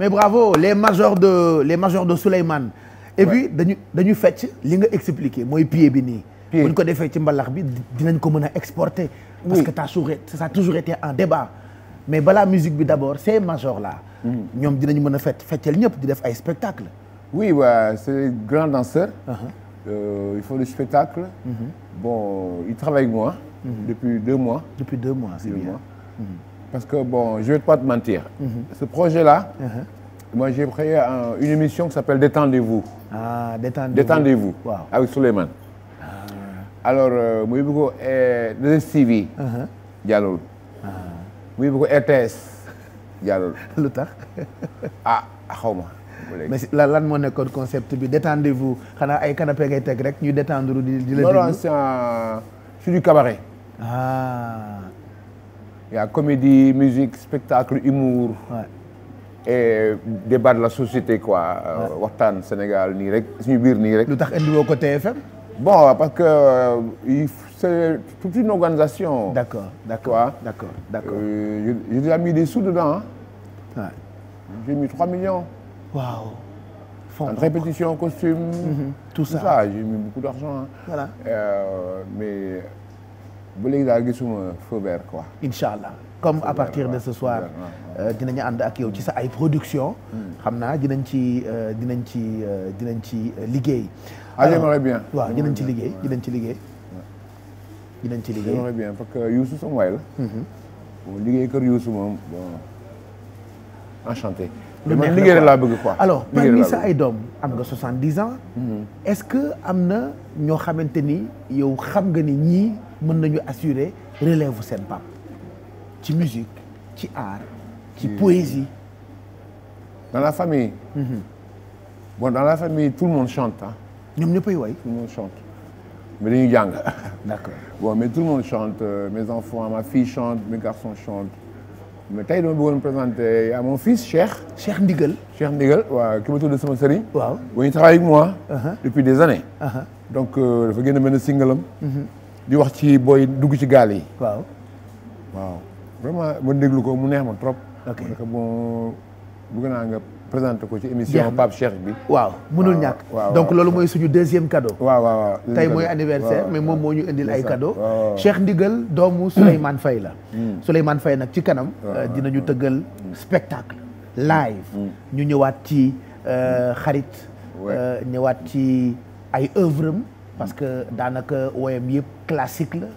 mais bravo les majors de les majors de Souleymane. et puis dañu dañu fecc li nga expliqué mooy pied bi nii. bu ñu ko defee ci mbalax bi dinañ ko mën a exporter. parce que ça ça a toujours été en débat. mais balaa musique bi d' abord ces majors là. Mm-hmm. ñoom dinañ mën a fecc feccal ñëpp di def ay spectacle oui waa c' est danseur. Uh-huh. Euh, il faut le spectacle. Mm -hmm. bon il travaille avec moi. Mm-hmm. depuis deux mois. depuis deux mois c'est bien. Mm-hmm. Parce que, bon, jou vais pas te mentir. Mhm. Ce projet-là, uh mhm. -huh. moi, j'ai créé une émission qui s'appelle Détendez-vous. Ah, Détendez-vous. Détendez-vous, wow. avec ah. Alors, moi, euh, je suis TV, Diallo. Moi, je tax ah, xaw ma. mais lan lan moo nekkoon concept bi détendez-vous xanaa ay canapé ngay teg rek ñu détendre di di la. déglu non Il y a comédie, musique, spectacle, humour. et débat de la société quoi. waxtaan Sénégal nii rek suñu biir nii rek. lu tax indiwoo ko TFM. bon parce que euh, il c'est toute une organisation. d'accord d'accord d'accord d'accord. Euh, j'ai déjà mis des sous dedans ah. Ouais. j'ai mis 3 millions. waaw. en répétition costume. Mm-hmm. tout ça tout ça j'ai mis beaucoup d'argent. voilà euh, mais. bu léegi daal gisuma feu vert quoi. allah comme à partir de ce soir. Euh, dinañu ànd ak yow ci sa ay production hmm. xam naa dinañ ci euh, dinañ ci dinañ ci liggéey. ah j'aimerais bien. waaw ci liggéey dinañ ci liggéey. dinañ ci liggéey j'aimerais bien parce que Youssou sama waay la. Mm-hmm. liggéey kër Youssou moom bon enchanté. lu neex liggéey laa bëgg quoi. alors parmi sa ay am nga 70 ans. Mm-hmm. est-ce que am na ñoo xamante ni yow xam nga ni ñii. mën nañu assurer relève seen pap ci musique ci art ci hmm. poésie dans la famille mm -hmm. dans la famille tout le monde chante ah ñoom ñëppay way tout le monde chante mais dañuy jàng d'accord bon mais tout le monde chante euh, mes enfants ma fille chante mes garçons chantent mais tey dama bëggoon présenter à mon fils Cheikh. Cheikh Ndigal. Cheikh Ndigal waaw ki ma tudd sama sëriñ. waaw bu ñu travaille avec moi. Uh-huh. depuis des années. Uh -huh. donc euh, dafa génn benn singalam. Mhm. di wax ci booy dugg ci gaal yi. waaw waaw vraiment ma déglu ko mu neex ma trop. ok bëgg naa nga présenté ko ci émission Pape Cheikh bi. waaw mënul ñàkk donc loolu mooy suñu deuxième cadeau. waaw tey mooy anniversaire mais moom moo ñu indil ay cadeau. Cheikh Ndigal doomu hmm. Souleymane fay la. Hmm. Souleymane fay nag ci kanam. Euh, dinañu tëggal hmm. spectacle. live. ñu ñëwaat ci euh, xarit. Euh, ñëwaat ci ay œuvre parce que daanaka woyam yëpp classique la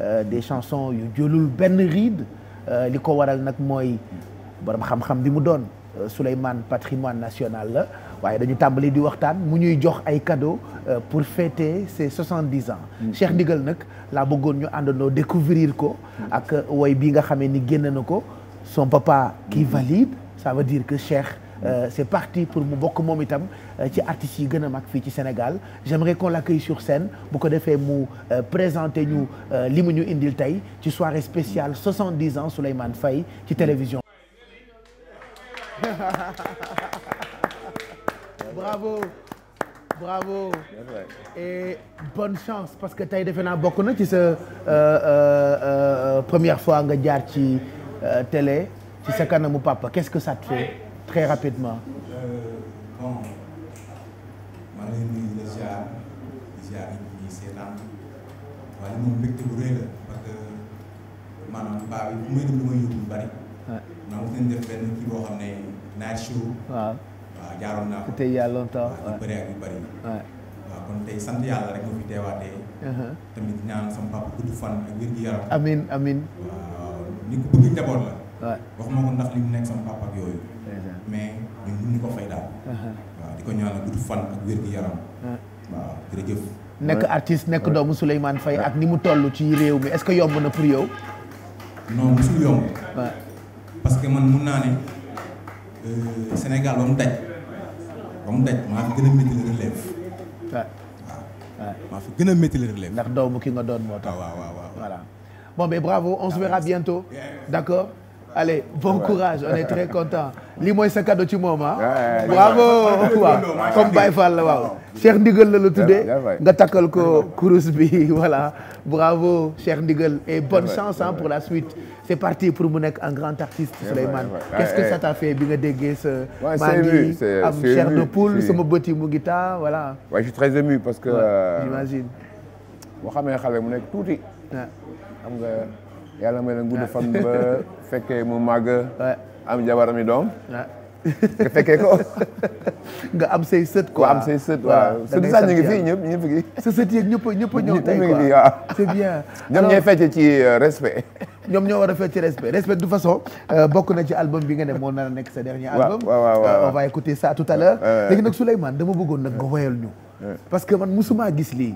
euh, des chansons yu jëlul benn riide euh, li ko waral nag mooy borom xam-xam bi mu doon euh, Souleymane patrimoine national la waaye dañu tàmbali di waxtaan mu ñuy jox ay cadeaux pour fêter ses soixante-dix ans mm. Cheikh Ndigal nag laa bëggoon ñu àndandoo découvrir ko ak woy bi nga xamee ni génn na ko son papa qui mm. valide ça veut dire que Cheikh Euh, c'est parti pour mu bokk moom itam euh, ci artistes yi gën a mag fii ci Sénégal j'aimerais qu'on l'accueille sur scène bu ko defee mu euh, présenter ñu li mu ñu indil tey ci soirée spéciale 70 ans Souleymane Faye ci télévision bravo bravo et bonne chance parce que tey defe naa bokk na ci sa première fois nga jaar ci télé ci sa kanamu papa qu'est-ce que ça te fait très rapidement. Euh, bon maa ngi leen di nuyu di ziar di ziar di seetaan waaye moom mbégte bu rëy la parce que maanaam paa bi bu may lu may yóbbu bari. waaw maa ngi def benn kii boo xam ne night show. waaw jaaroon naa ko. tey yàlla longtemps waaw ak yu ak yu bëri. waaw kon tey sant yàlla rek ma fi teewaatee. Uh-huh. tamit ñaan sama papa gudd fan ak wér gi yaram. amiin amiin. waaw ni ko bëgg njaboot la. waxuma ko ndax li mu nekk sama papa ak yooyu. mais ñun mën ñu ko fay daal. di ko ñaanal gudd fan ak wér gi yaram. waaw jërëjëf. nekk artiste nekk doomu Souleymane Faye ak ni mu toll ci réew mi est-ce que yomb na pour yow. non musul yomb. que man mun naa ne euh, Sénégal ah, waaw waaw waaw waaw waaw bravo on se verra bientôt d'accord. allez bon courage on est très content lii mooy sa cadeau ci moom ah. bravo waaw comme Baye Fall la waaw. Cheikh Ndigal la la tuddee nga takkal ko kurus bi voilà bravo Cheikh Ndigal et bonne chance hein pour la suite. c'est parti pour mu nekk un grand artiste Souleymane qu'est-ce que ça t'a fait bi nga déggee sa. maa ngi am chair de poule sama bëti mu ngi taa voilà. waaw je suis très ému parce que. Euh, j'imagine. boo xamee xale mu nekk tuuti. xam nga. yàlla may leen gudd ah. fan ba fekkee mu màgg am jabar mi doom nga fekkee ko nga am say sët quoi am say sët waaw sët sax ñu ngi fii ñëpp ñëpp gi sa sët yeeg ñëpp ñëpp a ñëw tey quoi waaw c'est ñoom ci euh, respect ñoom ñoo war a fecc ci respect du de façon euh, bokk na ci album bi nga ne moo nar a nekk sa dernier album euh, on va écouter ça tout à l'heure léegi nag Souleymane dama bëggoon nag nga woyal ñu parce que man musuma gis lii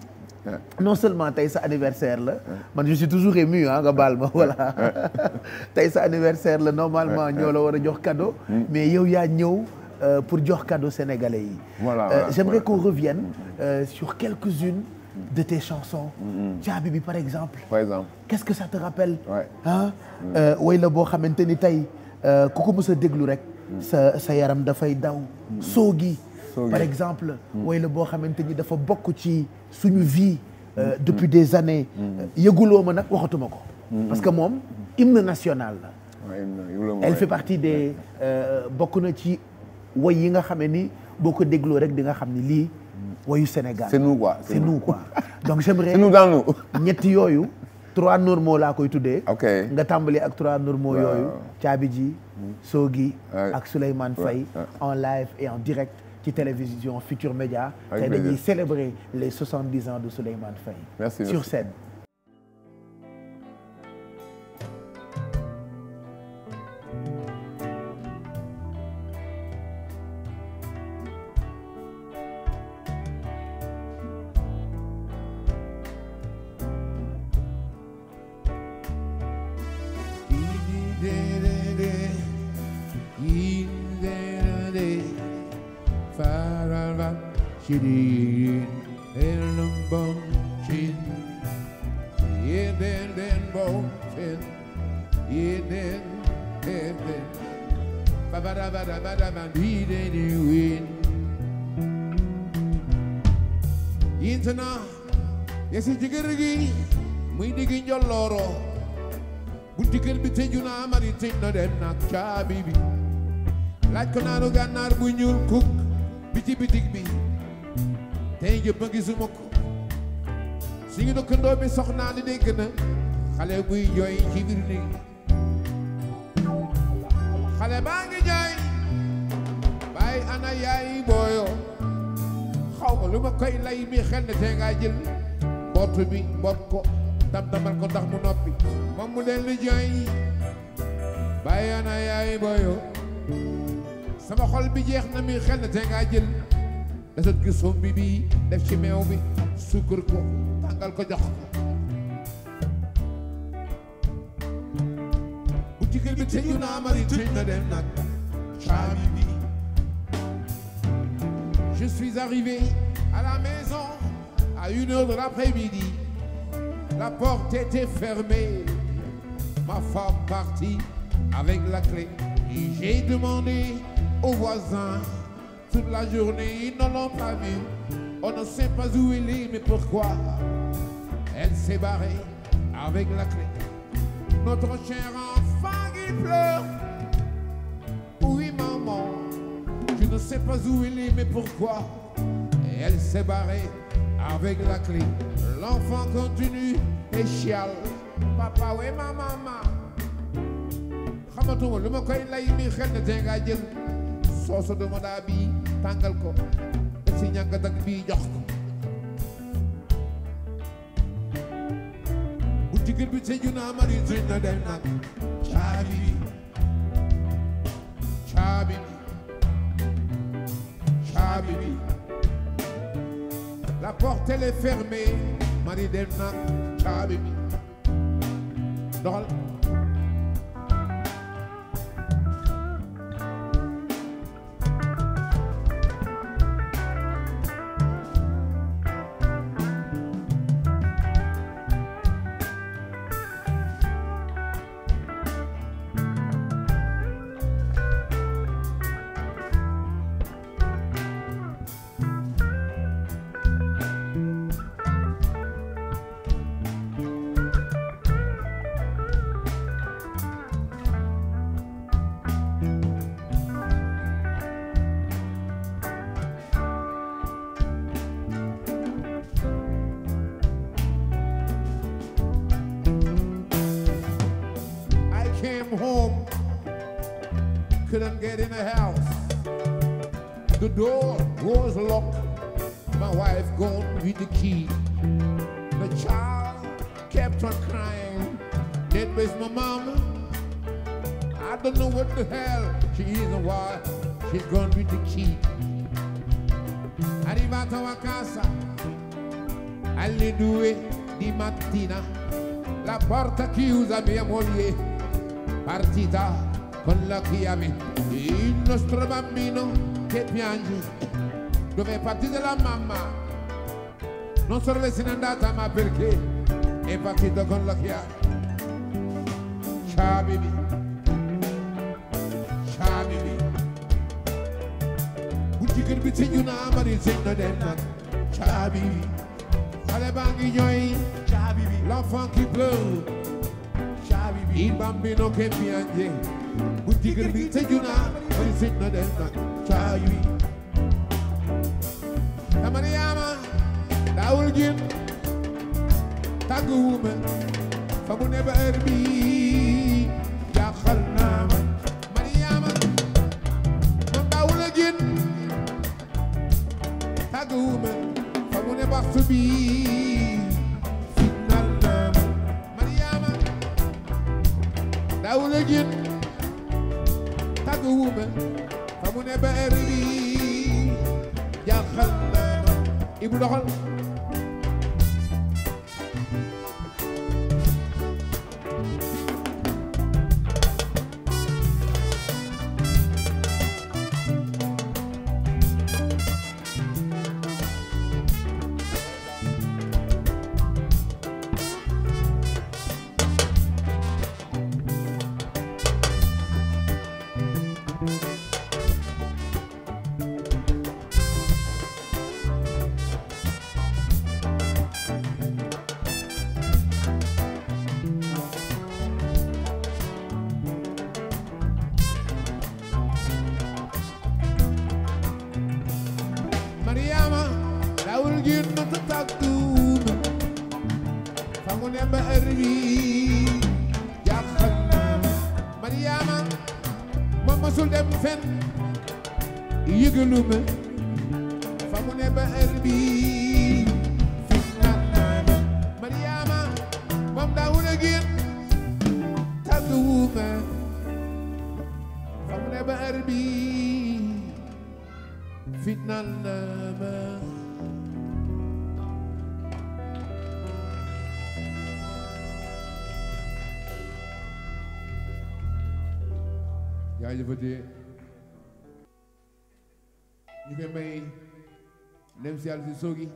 non seulement tey sa anniversaire la. man je toujours ému ah nga baal ma voilà. tey sa anniversaire la normalement ñoo la war a jox cadeau. mais yow yaa ñëw. Euh, pour jox cadeau sénégalais yi. voilà euh, voilà j'aimerais qu'on revienne euh, sur quelques-unes de tes chansons. Mm, mm. caabi bi par exemple. par exemple qu'est-ce que ça te rappelle. ah. way la boo xamante ni tey ku ko mës déglu rek. sa sa yaram dafay daw. soo gi. par exemple way mm. la boo xamante ni dafa bokk ci suñu vie euh, mm. depuis des mm. années yëguloo ma nag waxatuma ko parce que moom hymne national la elle fait partie des euh, bokk na ci way yi nga xame ni boo ko dégloo rek di nga xam ni lii wayu Sénégal c'est nous quoi c'est nous quoi donc j'aimerais c'est nous dans nous ñetti yooyu trois normaux laa koy tuddee ok nga tàmbali ak trois normaux yooyu caabi ji ak Souleymane Faye en live et en direct ci télévision Futur Média. tey dañuy célébrer les soixante-dix ans de Souleymane Faye. merci sur scène. si jëgër gi muy diggi njollooro bu diggal bi tëju naa mari tëj na dem na caabi bi laaj ko naanu gànnaar bu ñuul kuk bi ci bitig bi tey jëpp a gisuma ko si ngi dëkkandoo bi soxnaa ni na xale buy jooy ci biir xale baa ngi jooy bàyyi ana yaay booyo xaw lu ma koy lay mi xel ne jël bootu bi boot ko dam damal ko tax mu noppi moom mu dellu jooy bàyyaana yaay booyo sama xol bi jeex na mi xel na te ngaa jël dasat gi soom bi bii def ci meew bi sukkar ko tàngal ko jox bu jigéen bi tëju naa mari tëj na dem nag caabi bi je suis arrivé à la maison À une heure de l'après-midi, la porte était fermée. Ma femme partit avec la clé. Et j'ai demandé aux voisins toute la journée, ils ne l'ont pas vue. On ne sait pas où elle est, mais pourquoi Elle s'est barrée avec la clé. Notre cher enfant qui pleure. Oui, maman, je ne sais pas où elle est, mais pourquoi Elle s'est barrée avec la clé. L'enfant continue et chiale. papa xamatuma lu ma koy lay ni xel ne te ngaa jël soosu duma daa bii tàngal ko def si ñàkk bii jox ko bu jigéen bi tëju naa mari tëj na dem nag caabi bi caabi bi caabi bi la porte elle est fermée ma ni dem na caabi bi doxal He's gonna be the key. Arrivata a casa alle due di mattina, la porta chiusa mia moglie, partita con la chiave. Il nostro bambino che piange, dove è partita la mamma, non solo se ma perché è partito con la chiave. Ciao baby. yëkkër bi ci ñu naa mari caabi bi xale baa ñooy caabi bi l'enfant qui pleure caabi bi bambino che piange bu jëkkër bi ci ñu naa mari sëñ bi na Mariama daawul jin tàgg fa mu ne ba tuuma fa mu ne waxtu bi fitnaal na ma Mariama daaw la gën tàgguwuma fa mu ne ba heure bi jaaxal na ma Ibu doxal ndem si yàlla si soogi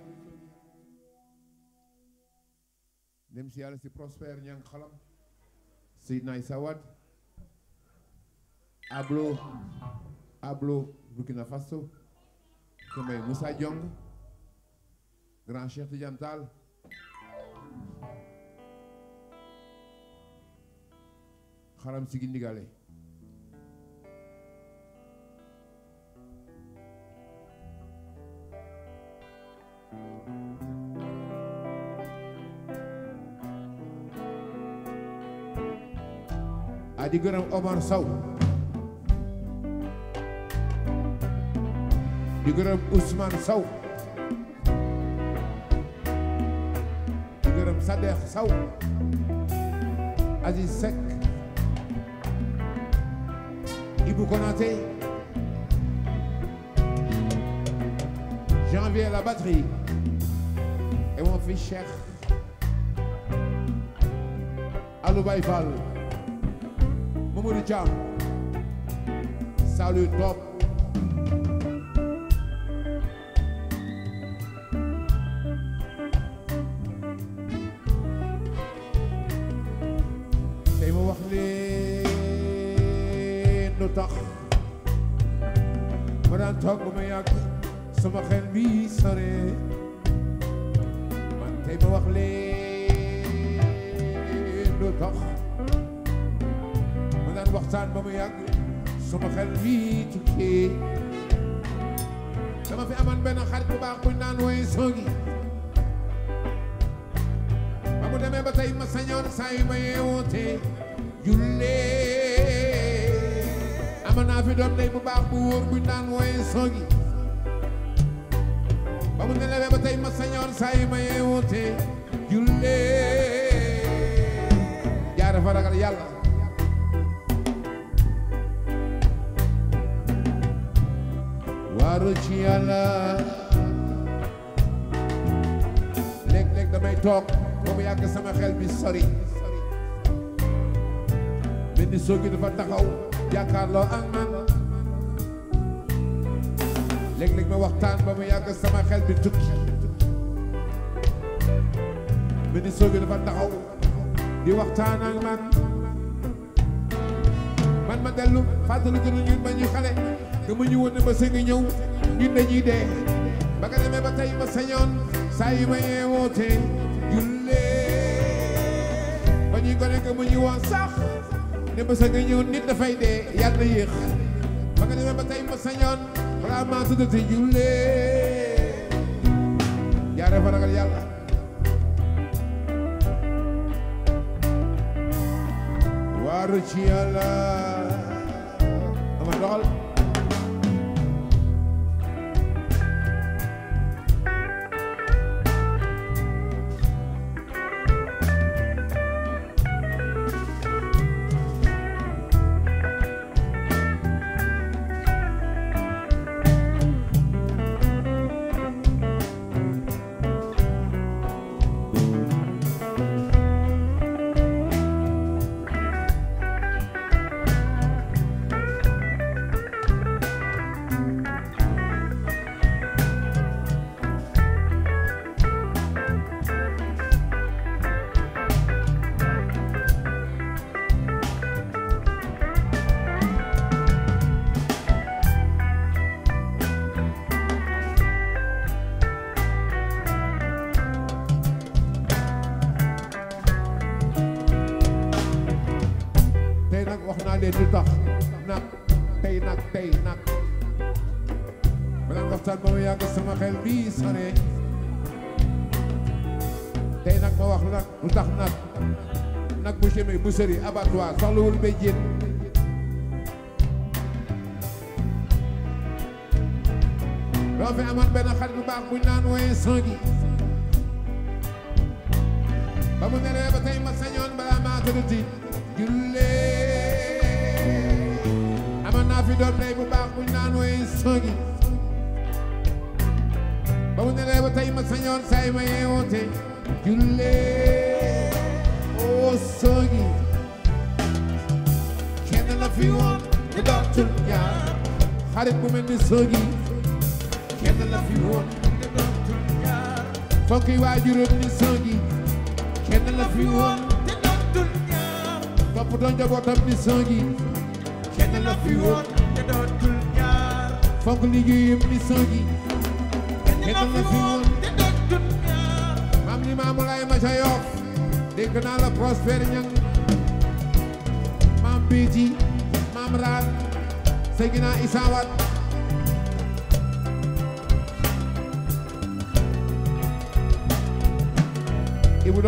ndem si yàlla si prospère ñang xalam Seydina Issa Wade ablo ablo Burkina Faso ko may grand Cheikh Tidiane Tall xaram sigi ndigale a di gërëm Omar Sow di gërëm Ousmane Sow di gërëm Sadekh Sow Aziz Seck Ibou Konaté Janvier la batterie ewoon fi Cheikh Alou Baye Fall Mamadou Thiam salut top mu yàgg suma xel mi tukkee dama fi amoon benn xarit bu baax buñ naan woy songi ba mu demee ba tey ma sañoon say yu ma yeewootee jullee amoon naa fi doom day bu baax bu wóor buñ naan woy songi ba mu nelawee ba tey ma sañoon saa yu Seydi Sogi dafa taxaw jàkkaarloo ak man léeg ma waxtaan ba mu yàgg sama xel bi tukki Seydi Sogi dafa taxaw di waxtaan ak man man ma dellu fàttali gënu ñun ba ñu xale nga mu ñu woon ne ma sëñ ngi ñëw ñun dañuy dee ba nga demee ba tey ma sañoon saa yu jullee ba ñuy gone nga mu ñu woon sax ne ba sa nga ñëw nit dafay dee yéex ba nga demee ba tey ma sañoon maa tudd si jaaree fa ragal yàlla waaru ci yàlla sëri abattoir soxlawul béjjén doo fi amoon benn xarit bu baax buñ naan ba mu neree ba tey sañoon balaa maa tëddati jullee amoon naa fi doom day bu baax buñ naan wooyee sangi ba mu neree ba tey sañoon saay ma yeewoote jullee oo oh, sangi fi woon di ni soogi kenn la fi woon di dootul ñaar fokki waajuram ni soogi kenn la fi woon di dootul ñaar toppatoo njabootam ni soogi kenn la fi woon di dootul ñaar fonk liggéeyam ni maam ni lay ma ca yokk dégg naa la prospère ñang maam bii Amran Seydina Issa Wade Ibou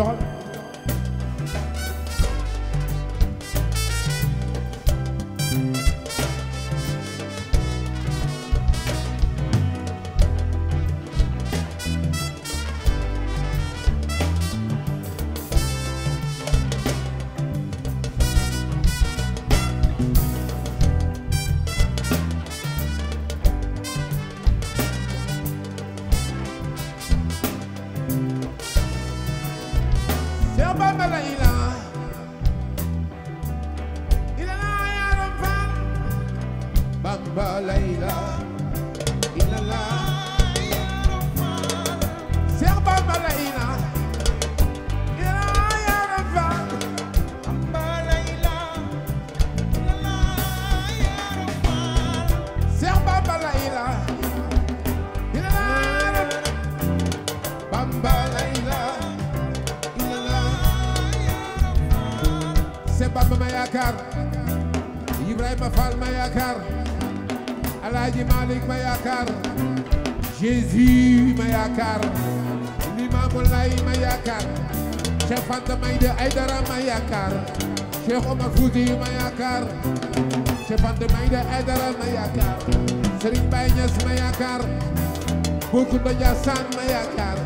kooku ba Ndiassane ma yaakaar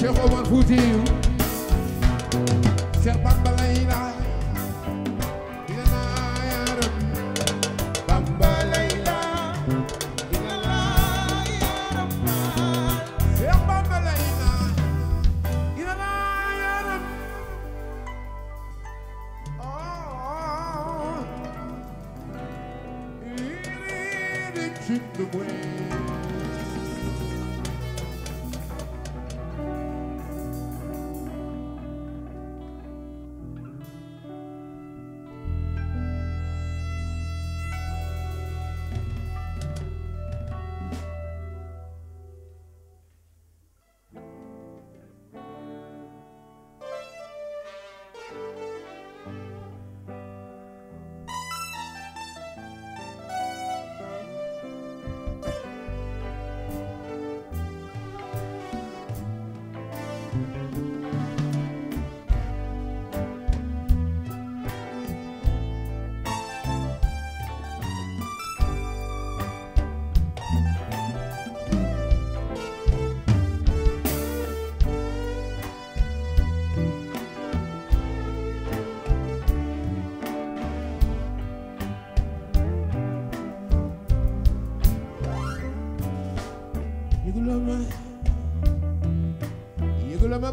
Cheikh Omar Foutiyou Cheikh Bamba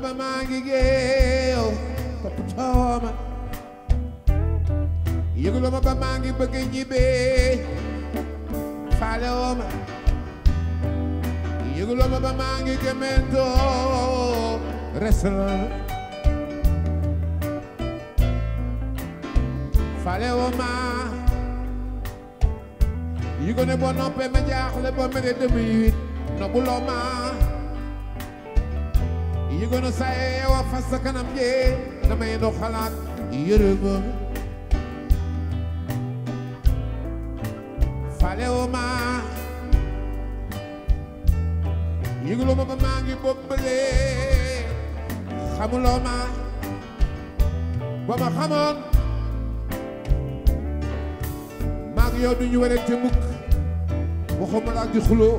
ba maa ngi géew toppatoo ma yëguloo ma ba maa ngi bëgg ñibbee faale woo ma yëguloo ma ba maa ngi gëmentoo restaurant faale woo ma yëgoo ne boo noppee ma jaaxle boo meree demi huit ma gënu saye yow a fas sa jee damay dox xalaat yërëma falewu ma ba maa ngi bobbale xamuloo ma ba xamoon maa ngi yow duñu werante mukk waxuma la ak di xuloo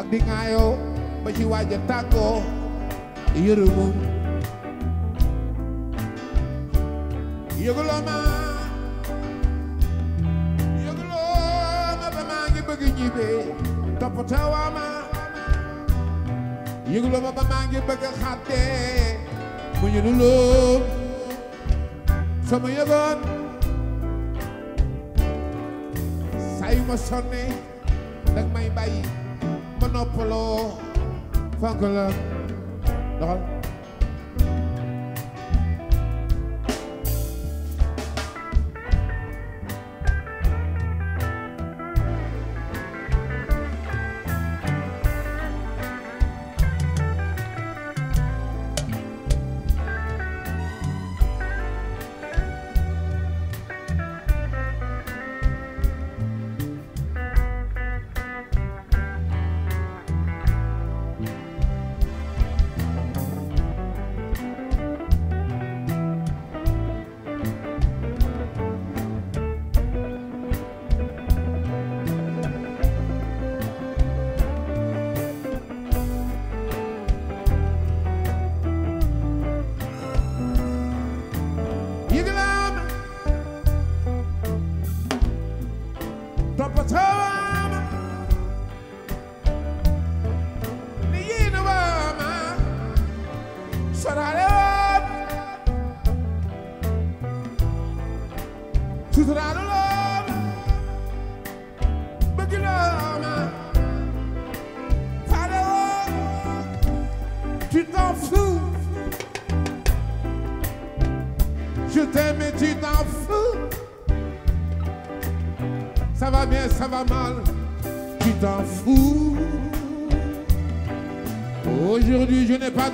ak di ŋaayoo ba ci waaj a tàggoo yërëmoo yëguloo ma yëguloo ba maa ngi bëgg ñibbee toppatawaa ma yëguloo ma ba maa ngi bëgg xàttee mu ñu nu loo sama yëgoon ma sonne nag may bàyyi ma noppaloo fonk la doxal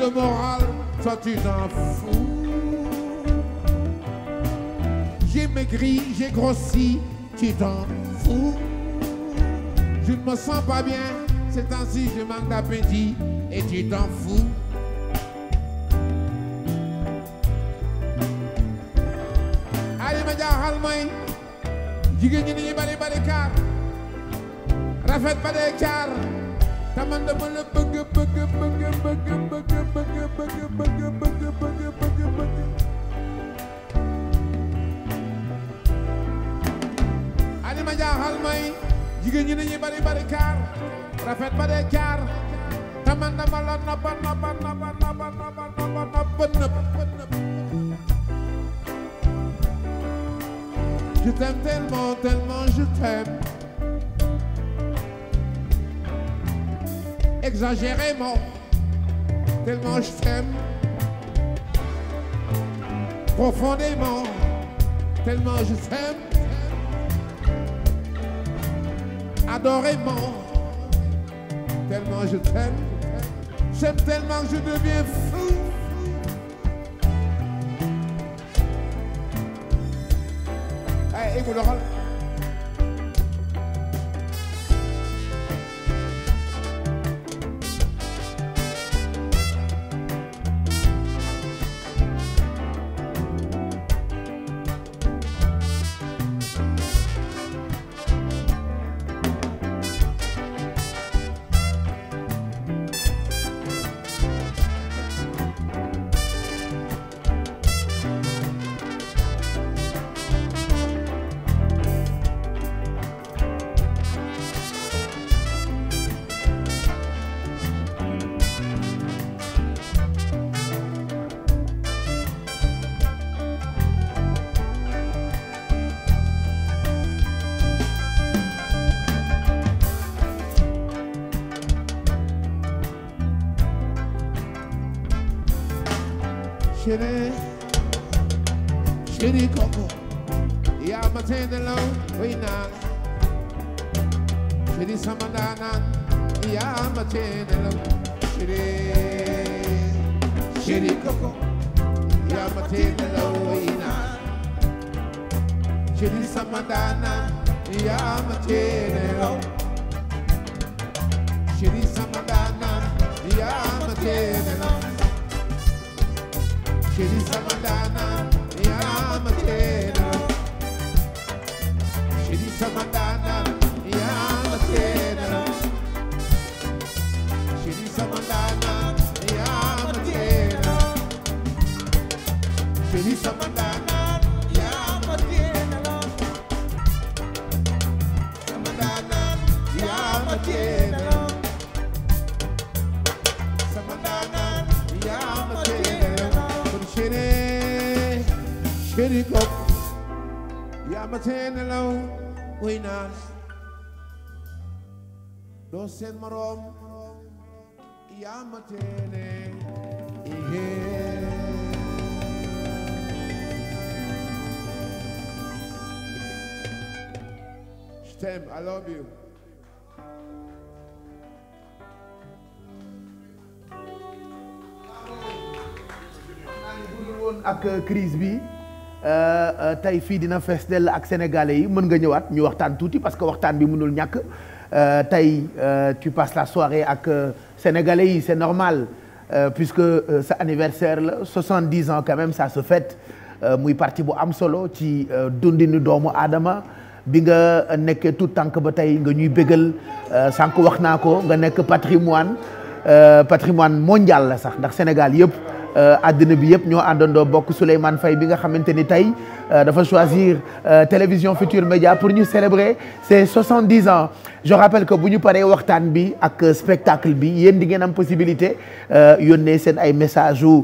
le moral, toi tu t'en fous. J'ai maigri, j'ai grossi, tu t'en Je ne me sens pas bien, c'est ainsi je manque d'appétit et tu t'en fous. Allez, ma jaaxal may jigéen ñi ni ñu bari taman dama la bëgg bëgg bëgg bëgg bëgg bëgg bëgg bëgg bëgg bëgg bëgg bëgg ani ma jaaxal may jigéen ñi nañuy bari bari kaar rafet ba dee kaar taman dama la naba naba naba naba naba naba naba naba Je t'aime tellement, tellement je t'aime exagérément, tellement je t'aime, profondément, tellement je t'aime, adorément, tellement je t'aime, j'aime tellement je deviens fou. Eh, yéene seen moroom ak euh, crise bi euh, euh, tey fii dina fees dell ak sénégalais yi mën nga ñëwaat ñu waxtaan tuuti parce que waxtaan bi mënul ñàkk Euh, tey euh, tu passes la soirée ak euh, sénégalais yi c'est normal puisque sa anniversaire la 70 ans quand même ça se fête muy parti bu am solo ci dundinu doomu aadama bi nga nekkee tout tànk ba tey nga ñuy bégal sànq wax naa ko nga nekk patrimoine patrimoine mondial la sax ndax Sénégal yëpp Euh, àddina bi yëpp ñoo àndandoo bokk Souleymane Faye bi nga xamante ni tey euh, dafa choisir euh, télévision Futur Média pour ñu célébrer ses 70 ans je rappelle que bu ñu paree waxtaan bi ak spectacle bi yéen di ngeen am possibilité yónnee seen ay message yu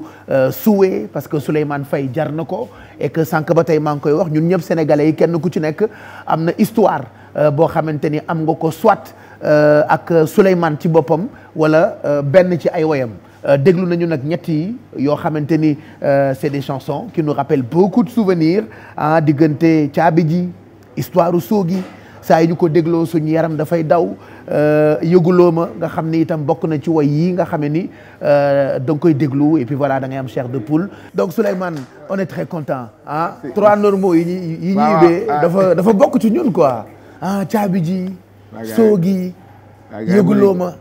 souhait parce que Souleymane fay jar na ko et que ba tey maa ngi koy wax ñu ñëpp sénégalais yi kenn ku ci nekk am na histoire boo xamante ni am nga ko soit ak Souleymane ci boppam wala benn ci ay woyam Euh, déglu nañu nag ñetti yi yoo xamante ni euh, c'est des chansons qui nous rappellent beaucoup de ah diggante caabi ji histoire soo gi saa yi ñu ko dégloo suñu yaram dafay daw euh, yëguloo ma nga xam ni itam bokk nañ ci way yi nga xam ne ni da nga koy déglu et puis voilà da ngay am chair de poule. donc Souleymane on est très content trois normaux yi ñuy bee ah. dafa bokk ci ñun quoi ah caabi ji. gi yëguloo ma.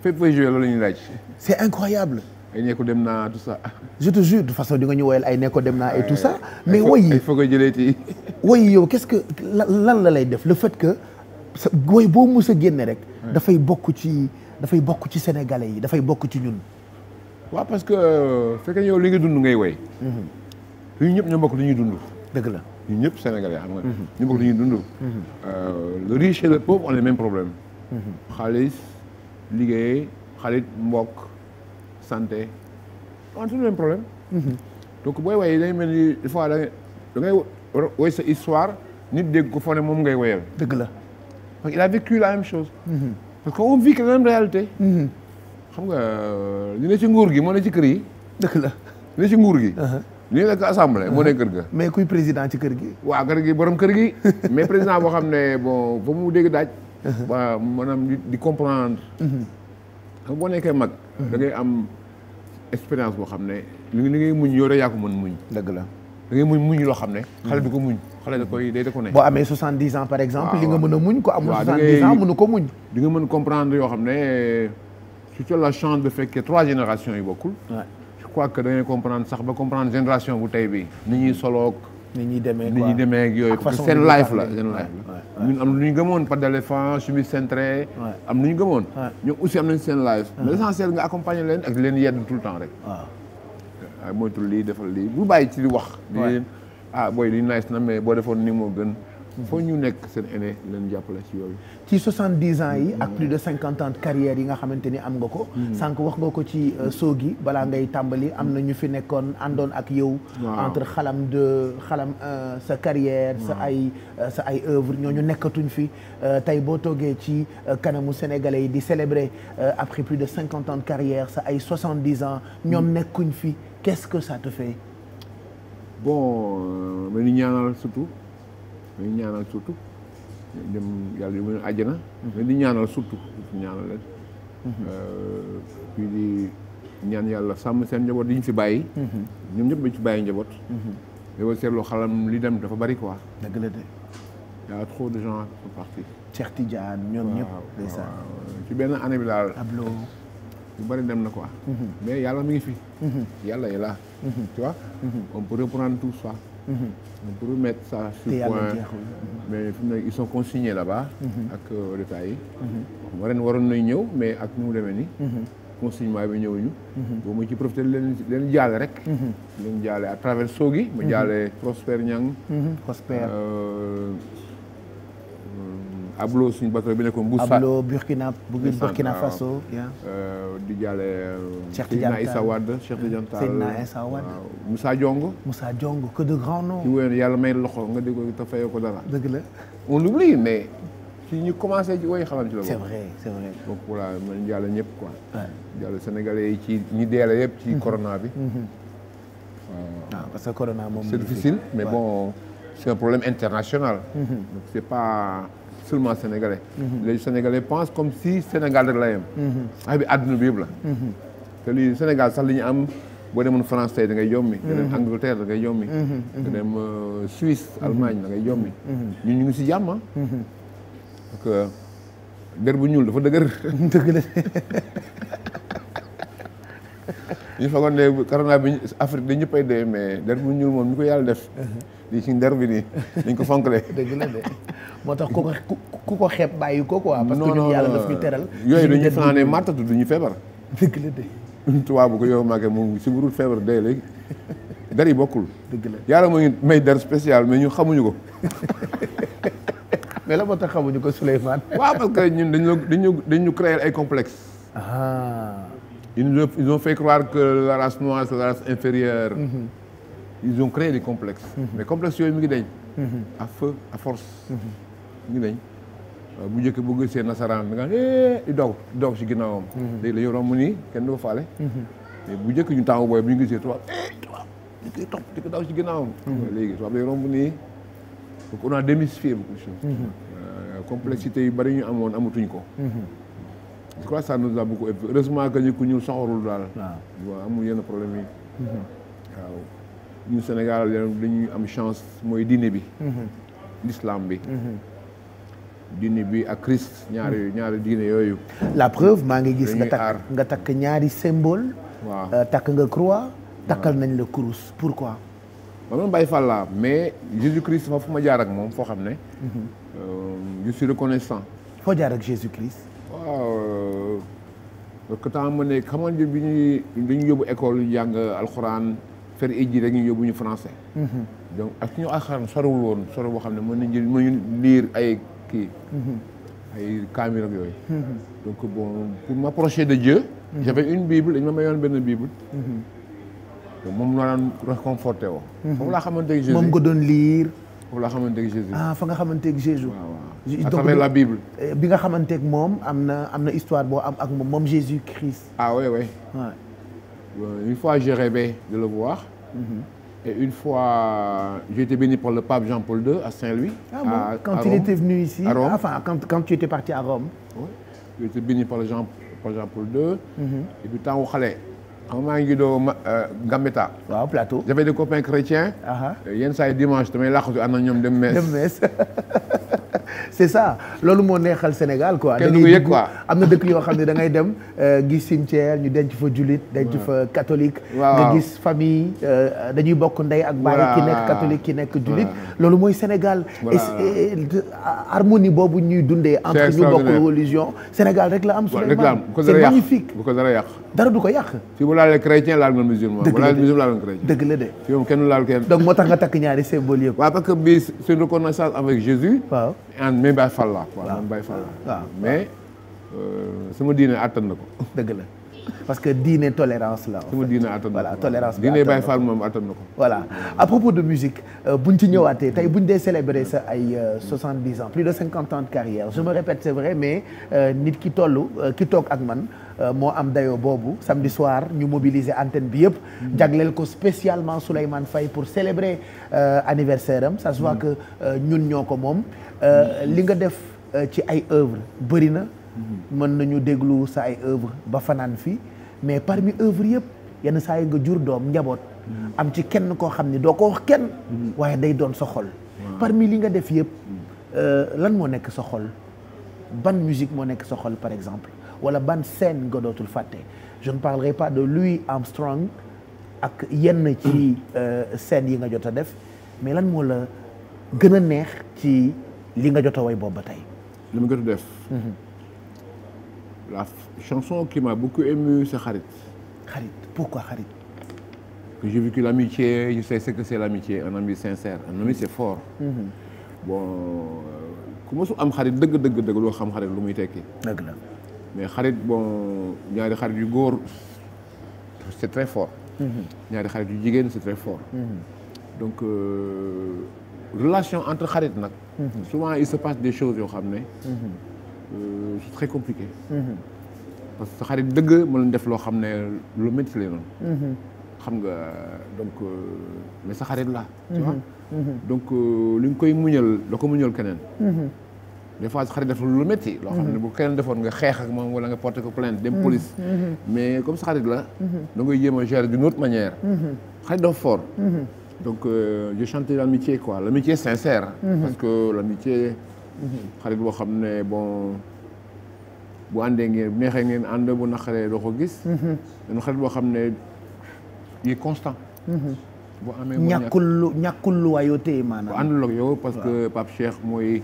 fépp fay loolu la ñuy laaj. c' est incroyable. ay nekko dem naa tout ça. je te jure de façon di nga ñu woyal ay nekko dem naa et tout ça. Euh, mais woy yi foo ko jëlee ci. woy yow qu' est ce que lan la lay def le fait que sa woy boo mus a génne rek. dafay bokk ci dafay bokk ci sénégalais yi dafay bokk ci ñun. waa parce que euh, fekkee yow li nga dund ngay woy. ñun mhm. ñëpp ñoo bokk li ñuy dund. dëgg la ñun ñëpp sénégalais xam nga. Mhm. ñu bokk li ñuy dund. Mhm. Euh, le riche et le pauvre ont les mêmes liggéey xarit mbokk santé am suñu leen problème mhm. donc booy way day mel ni des dangay da ngay way sa histoire nit dégg ko foo moom ngay woyal dëgg la parce qu'il a vécu la même chose mhm. parce que on vit que la même réalité mhm. xam nga li ne ci nguur gi moo ne ci kër yi dëgg la li ne ci nguur gi uh-huh. li nekk assemblée moo ne kër ga mais kuy président ci kër gi waa kër gi boroom kër gi mais président boo xam ne boo ba mu dégg daaj waaw maanaam di comprendre. Mhm. xam boo nekkee mag. Mhm. da ngay am expérience boo xam ne li ngay muñ yoo rek yaa ko mën muñ. dëgg la da ngay muñ muñ loo xam ne. xale du ko mhm. muñ xale da koy day da ko ne. boo amee soixante dix ans par exemple. li nga mën a muñ ko amul soixante dix ans muñ. di nga mën comprendre yoo xam ne si tu as de fekkee trois générations yi bokkul. je crois que da ngay comprendre sax ba comprendre génération bu tey bii ni ñuy soloog. ni ñuy demee ni ñuy demee yooyu parce que seen life la seen life la am na lu ñu gëmoon pas d'éléphant chimie am na ñu gëmoon ñoom aussi am nañ seen life mais l'essentiel nga accompagner leen ak leen yedd tout le temps rek waaw ah, moytul lii defal lii bu bàyyi ci di wax di ah booy li nice na mais boo defoon ni moo gën foo ñu nekk seen année leen jàppale ci yooyu. ci soixante ans yi ak mm. plus de cinquante ans de carrière yi nga xamante ni am nga ko. Mm. sànq wax nga ko ci euh, soogi balaa ngay tàmbali am na ñu fi nekkoon àndoon ak yow. entre xalam de xalam euh, sa carrière. sa ay euh, sa ay œuvre ñooñu nekkatuñ fi tey boo toogee ci kanamu sénégalais yi di célébrer après plus de cinquante ans de carrière sa ay soixante dix ans. ñoom mm. nekkuñ fi qu'est-ce que ça te fait. bon ñu ñaanal surtout dem yàlla yu mën a di ñaanal surtout ñaanal leen mhm. euh, di ñaan yàlla sàmm seen njaboot di ñu fi bàyyi mhm. ñoom ñëpp dañ fi bàyyi njaboot yow mhm. seetloo xalam li dem dafa bari quoi dëgg la de y trop de gens qui sont partis Cheikh ñoom ñëpp ci benn année bi daal Ablo bu bari dem na quoi mais yàlla mi ngi fi yàlla est là tu vois on peut reprendre tout on mm-hmm. peut mettre ça sur point mm-hmm. mais fi mu ne ils sont consignés là-bas. Mm-hmm. ak euh, l'État yi. ren waroon nañ ñëw mais ak nu mu demee nii. consignement bi ñëwuñu. boo mu ci profité leen leen rek. leen jaale à travers Sogi. mu jaale Prosper Niang. Euh, Ablo suñu bato bi nekkoon Moussa Ablo Burkina Burkina Faso. Euh, di jàllee. Euh, Cheikh Tidiane Tall Seydina Issa Wade Cheikh Tidiane Tall Seydina Issa Wade Moussa Diongo. Moussa Diongo que de grands noms. ci wéyal yàlla may loxo nga dégg te fayoo ko dara. dëgg la on l'oublie mais. ci ñu commencé ci woy xalam ci la. c'est vrai c'est vrai. ci ñi deele yëpp ci mhm. corona bi. Mhm. waaw ah, parce que moom. c'est difficile mais bon c'est un problème international. Mhm. c'est pas. seulement sénégalais. Mhm. les sénégalais comme si Sénégal rek la yem. sax mhm. bi àdduna bi la. Mhm. te lii Sénégal sax li ñu am boo demoon France tey da nga yommi. nga dem Angleterre da ngay yommi. nga dem euh, Suisse Allemagne da ngay yommi. ñun ñu ngi si jàmm ah. bu ñuul dafa dëgër. dëgg la. ñu fekkoon ne corona bi Afrique dañ ñëppay dee mais der bu ñuul ñu ko yàlla def. di ci der bi nii dañ ko fonkle. dëgg moo tax ku ko bàyyi ko quoi. parce que ñun yàlla ñu teral. yooyu dañuy duñu feebar. dëgg la de. tubaab bu ko yow màggee moom si burul feebar de léegi der yi bokkul. dëgg la yàlla moo ngi may der spécial mais ñu xamuñu ko. mais la moo tax xamuñu ko Souleymane. waaw parce que ñun dañu dañu dañu créer ay complexe. Ah. Ils ont fait croire que la race noire, c'est la race inférieure. Mm Ils ont créé des complexes. Mm -hmm. yooyu mu ngi dañ. Mhm. à feu à force. mu mhm. ngi bu njëkk bu gisee nasaraan da nga eh, di daw di daw si ginnaawam. Mhm. léegi la ñu romb nii kenn du faale. bu njëkk ñu taamu booy bu ñu gisee tubaab eh, tubaab di koy topp di ko daw si ginnaawam. léegi tubaab day romb nii donc on a démystifié beaucoup de choses. Euh, complexité yu bari ñu amoon amatuñ ko. je crois ça a beaucoup aidé ñu ku ñuul soxorul daal. waaw amul yenn problème yi. Mhm. waaw ñun Sénégal dañuy am chance mooy diine bi. Mhm. l'islam bi. Mhm. diine bi ak Christ ñaari ñaari yooyu. la preuve maa ngi gis nga takk nga takk ñaari symbole. waaw euh, takk nga croix. takkal nañ la kurus pourquoi. ma doon bàyyi Fall laa mais Jésus Christ fa fu ma jaar ak moom foo xam ne. Euh, je suis reconnaissant. foo jaar ak Jésus Christ. parce que temps mu ne xamal bi ñuy dañu yóbbu école yu jàng alxuraan fer iji rek ñu yóbbu ñu français. Mhm. donc ak suñu alxuraan sorowul woon soro boo xam ne mën nañu mën liir ay kii. Mhm. ay kaamil ak yooyu. Mhm. donc bon pour m'approcher de Dieu. j'avais une bible dañ ma mayoon benn bible. moom laa daan réconforté woo. moom nga doon liir. foofu la xamanteeg Jésus. ah fa nga xamanteeg Jésus. waaw à la Bible. Eh, bi nga xamanteeg moom am na am na histoire boo am ak moom moom Jésus Christ. ah oui oui. Euh, une fois j'ai rêvé de le mhm. une fois j'ai été béni par le pape Jean-Paul II à Saint-Louis. ah bon à, quand à venu ici. à Rome tu étais parti à Rome. oui j'ai été béni par le Jean par paul II. Mhm. et du temps wu xam maa ngi juddoo euh, Gambetta. waaw plateau. j'avais des copains chrétiens. Euh, yenn saa yi dimanche damay làqatu ànd ak ñoom dem mees. dem mees c'est ça loolu moo neexal Sénégal quoi. kenn ko am na dëkk yoo xam ne da dem euh, gis cimetière ñu denc fa julit denc fa catholique. nga gis famille dañuy bokk ndey ak baay. ki nekk catholique ki nekk julit loolu mooy Sénégal. harmonie boobu ñuy dundee. entre ñu bokk religion Sénégal rek la am. Souleymane c'est magnifique dara yàq. dara du ko yàq. laalee chrétien laal nga musulman. dëgg la de bu laalee musulman laal nga chrétien. dëgg de. fii donc moo tax nga ñaari symbole yëpp. waaw parce que bii c'est une reconnaissance avec Jésus. waaw en même Baye Fall la quoi. waaw Baye euh, attan na ko. dëgg la. parce que diine tolérance la. su ma diine attan voilà tolérance diine Baye Fall moom attan na ko. voilà à propos de musique euh, buñ ci ñëwaatee tey buñ de célébrer sa ay euh, soixante-dix ans plus de cinquante ans de carrière je me répète c'est vrai mais nit ki toll ki toog ak man. Euh, moo am dayo boobu samedi soir ñu mobiliser antenne bi yëpp jagleel ko spécialement Souleymane fay pour célébrer euh, anniversaire am ça se voit que euh, ñun ñoo ko moom li nga def ci ay œuvre bëri na mën nañu déglu sa ay œuvre ba fanaan fii mais parmi œuvre yëpp yenn saa yi nga jur doom njaboot am ci kenn koo xam ni doo ko wax kenn waaye day doon sa xol parmi li nga def yëpp lan moo nekk sa xol ban musique moo nekk sa xol par exemple wala ban scène nga dootul fàtte je ne parlerai pas de Louis Armstrong ak yenn ci euh, scène yi nga jot a def mais lan moo la gën a neex ci li nga jot a way boobu ba tey. li ma jot a def. Mhm. la chanson qui m'a beaucoup ému c'est Xarit. Xarit pourquoi Xarit. que j'ai vécu l'amitié je sais ce que c'est l'amitié un ami sincère un ami c'est fort. Mhm. bon euh, ku am xarit dëgg dëgg dëgg loo xam xarit lu muy tekki. dëgg mais xarit bon ñaari xarit yu góor c'est très fort. Mhm. ñaari xarit yu jigéen c'est très fort. Mhm. donc euh, relation entre xarit nag. Mhm. souvent il se passe des choses yoo xam ne. Euh, c'est très compliqué. parce que xarit dëgg mën na def loo xam ne lu métti lay doon. xam nga donc euh, mais sa xarit la. tu donc li koy muñal la ko muñal keneen. des fois xarit def lu métti. loo xam ne mm-hmm. bu keneen defoon nga xeex ak moom wala nga porté ko plainte dem mm-hmm. police. Mm-hmm. mais comme sa xarit la. da ngay jéem a gérer d'une autre manière. xarit dafa fort. donc euh, j'ai chanté l'amitié quoi l'amitié sincère. parce que l'amitié. xarit boo xam ne bon. bu àndee ngeen bu neexee ngeen ànd bu naqaree doo ko gis. dañu xarit boo xam ne il est constant. amee ñàkkul lu ñàkkul lu parce que Pape Cheikh mooy.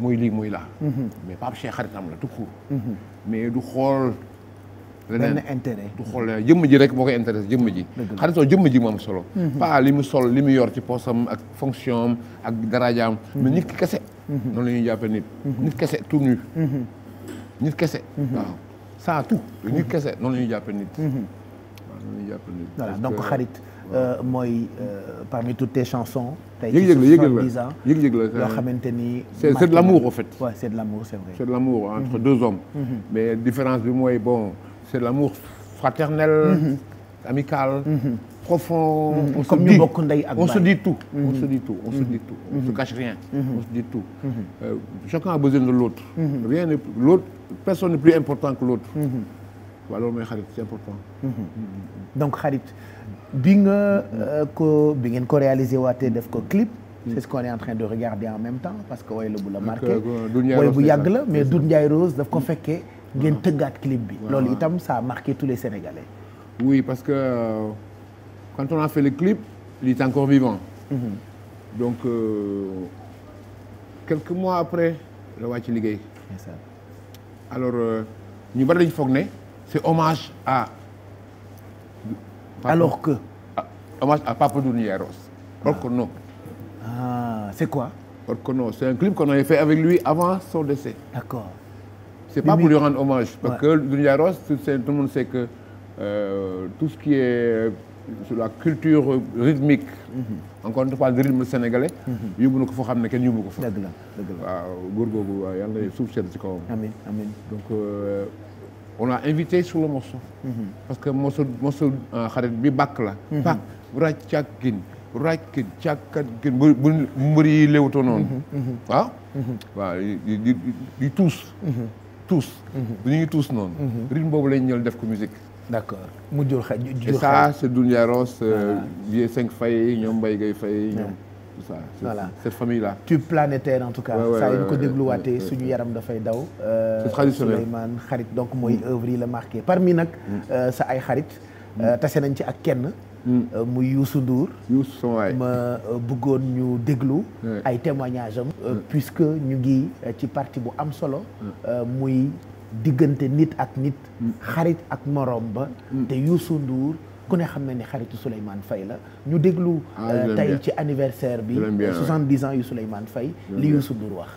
mooy lii muy laa mhm. mais Pape Cheikh xaritam la tout court mhm. mais du xool leneen benn intérêt du xool jëmm ji rek boo koy intéressé jëmm ji xaritoo jëmm ji mu am solo mhm. pas li mu sol li mu yor ci poosam ak fonction ak darajaam mais nit kese noonu la ñuy jàppee nit nit kese tout nu nit kese waaw sans tout kese noonu la ñuy jàppee nit voilà donc xarit euh, mooy euh, parmi toutes tes chansons. tey ci soixante-dix ans yëg-yëg la yoo xamante ni. c'est c'est de l'amour en fait. waaw c'est de l'amour c'est vrai. c'est de l'amour entre mhm. deux hommes. Mhm. mais différence bi mooy bon c'est de l'amour fraternel. Mhm. amical. profond. on se dit on se dit tout. on se dit tout on se dit tout on se cache rien. on se dit tout. chacun a besoin de l'autre. rien n'est l'autre personne n'est plus important que l'autre. waaw loolu mooy xarit c'est important. Mhm. Mm, mm, mm. donc xarit bi nga euh, ko bi ngeen ko réalisé waatee def ko clip. c'est ce qu'on est en train de regarder en même temps parce que way la bu la marqué euh, way bu yàgg la mais Doudou Ndiaye Rose daf ko fekkee ngeen tëggaat clip bi loolu itam ça a marqué tous les Sénégalais oui parce que euh, quand on a fait le clip il est encore vivant mm -hmm. donc euh, quelques mois après la wàcc liggéey alors ñu bari lañ foog ne c'est hommage à. Papa, alors que. À, ah, hommage à Papadou Nieros. Ah. Orkono. Ah c'est quoi. Orkono c'est un clip qu'on avait fait avec lui avant son décès. d'accord. c'est pas pour lui rendre hommage. parce ouais. que Dounieros tout le monde sait que euh, tout ce qui est sur la culture rythmique. en contrepartie du rythme sénégalais. Mhm. yóbbu na ko foo xam ne kenn yóbbu ko fa. dëgg la dëgg la waaw góor googu yàlla suuf sedd ci kawam. amiin amiin donc. Euh, on l'a invité sur le morceau. Mhm. parce que morceau morceau euh, xarit bi bàkk la. Mhm. bàkk ràccaag gin ràcc càkkat gin bu mbër yi léewtoo noonu. waaw. Mhm. Ah? waaw di di di tuus. tuus. bu ñu tuus noonu. rythme boobu lañ ñëw def ko musique. d'accord mu jur xaj jur xaj c'est Doudou Rose. Euh, waaw ah. vieux cinq fay ñoom Mbaye Gueye fay ñoom. tout voilà cette famille là. tube planétaire en tout cas. saa yu ñu ko dégluwaatee suñu yaram dafay daw. c'est euh, traditionnel Souleymane xarit donc mm. mooy œuvre yi la par parmi nag. Mm. Euh, sa ay xarit. Mm. Euh, tase nañ ci ak kenn. muy Youssou Ndour. Youssou waay ma bëggoon ñu déglu. ay témoignages am. puisque ñu ngi ci partie bu am solo. muy diggante nit ak nit. xarit ak moroom ba. te Youssou Ndour. ku ne xam na ni xaritu Souleymane fay la ñu déglu ah, euh, tey ci anniversaire bi 70 ans yu Souleymane fay li Youssou Ndour wax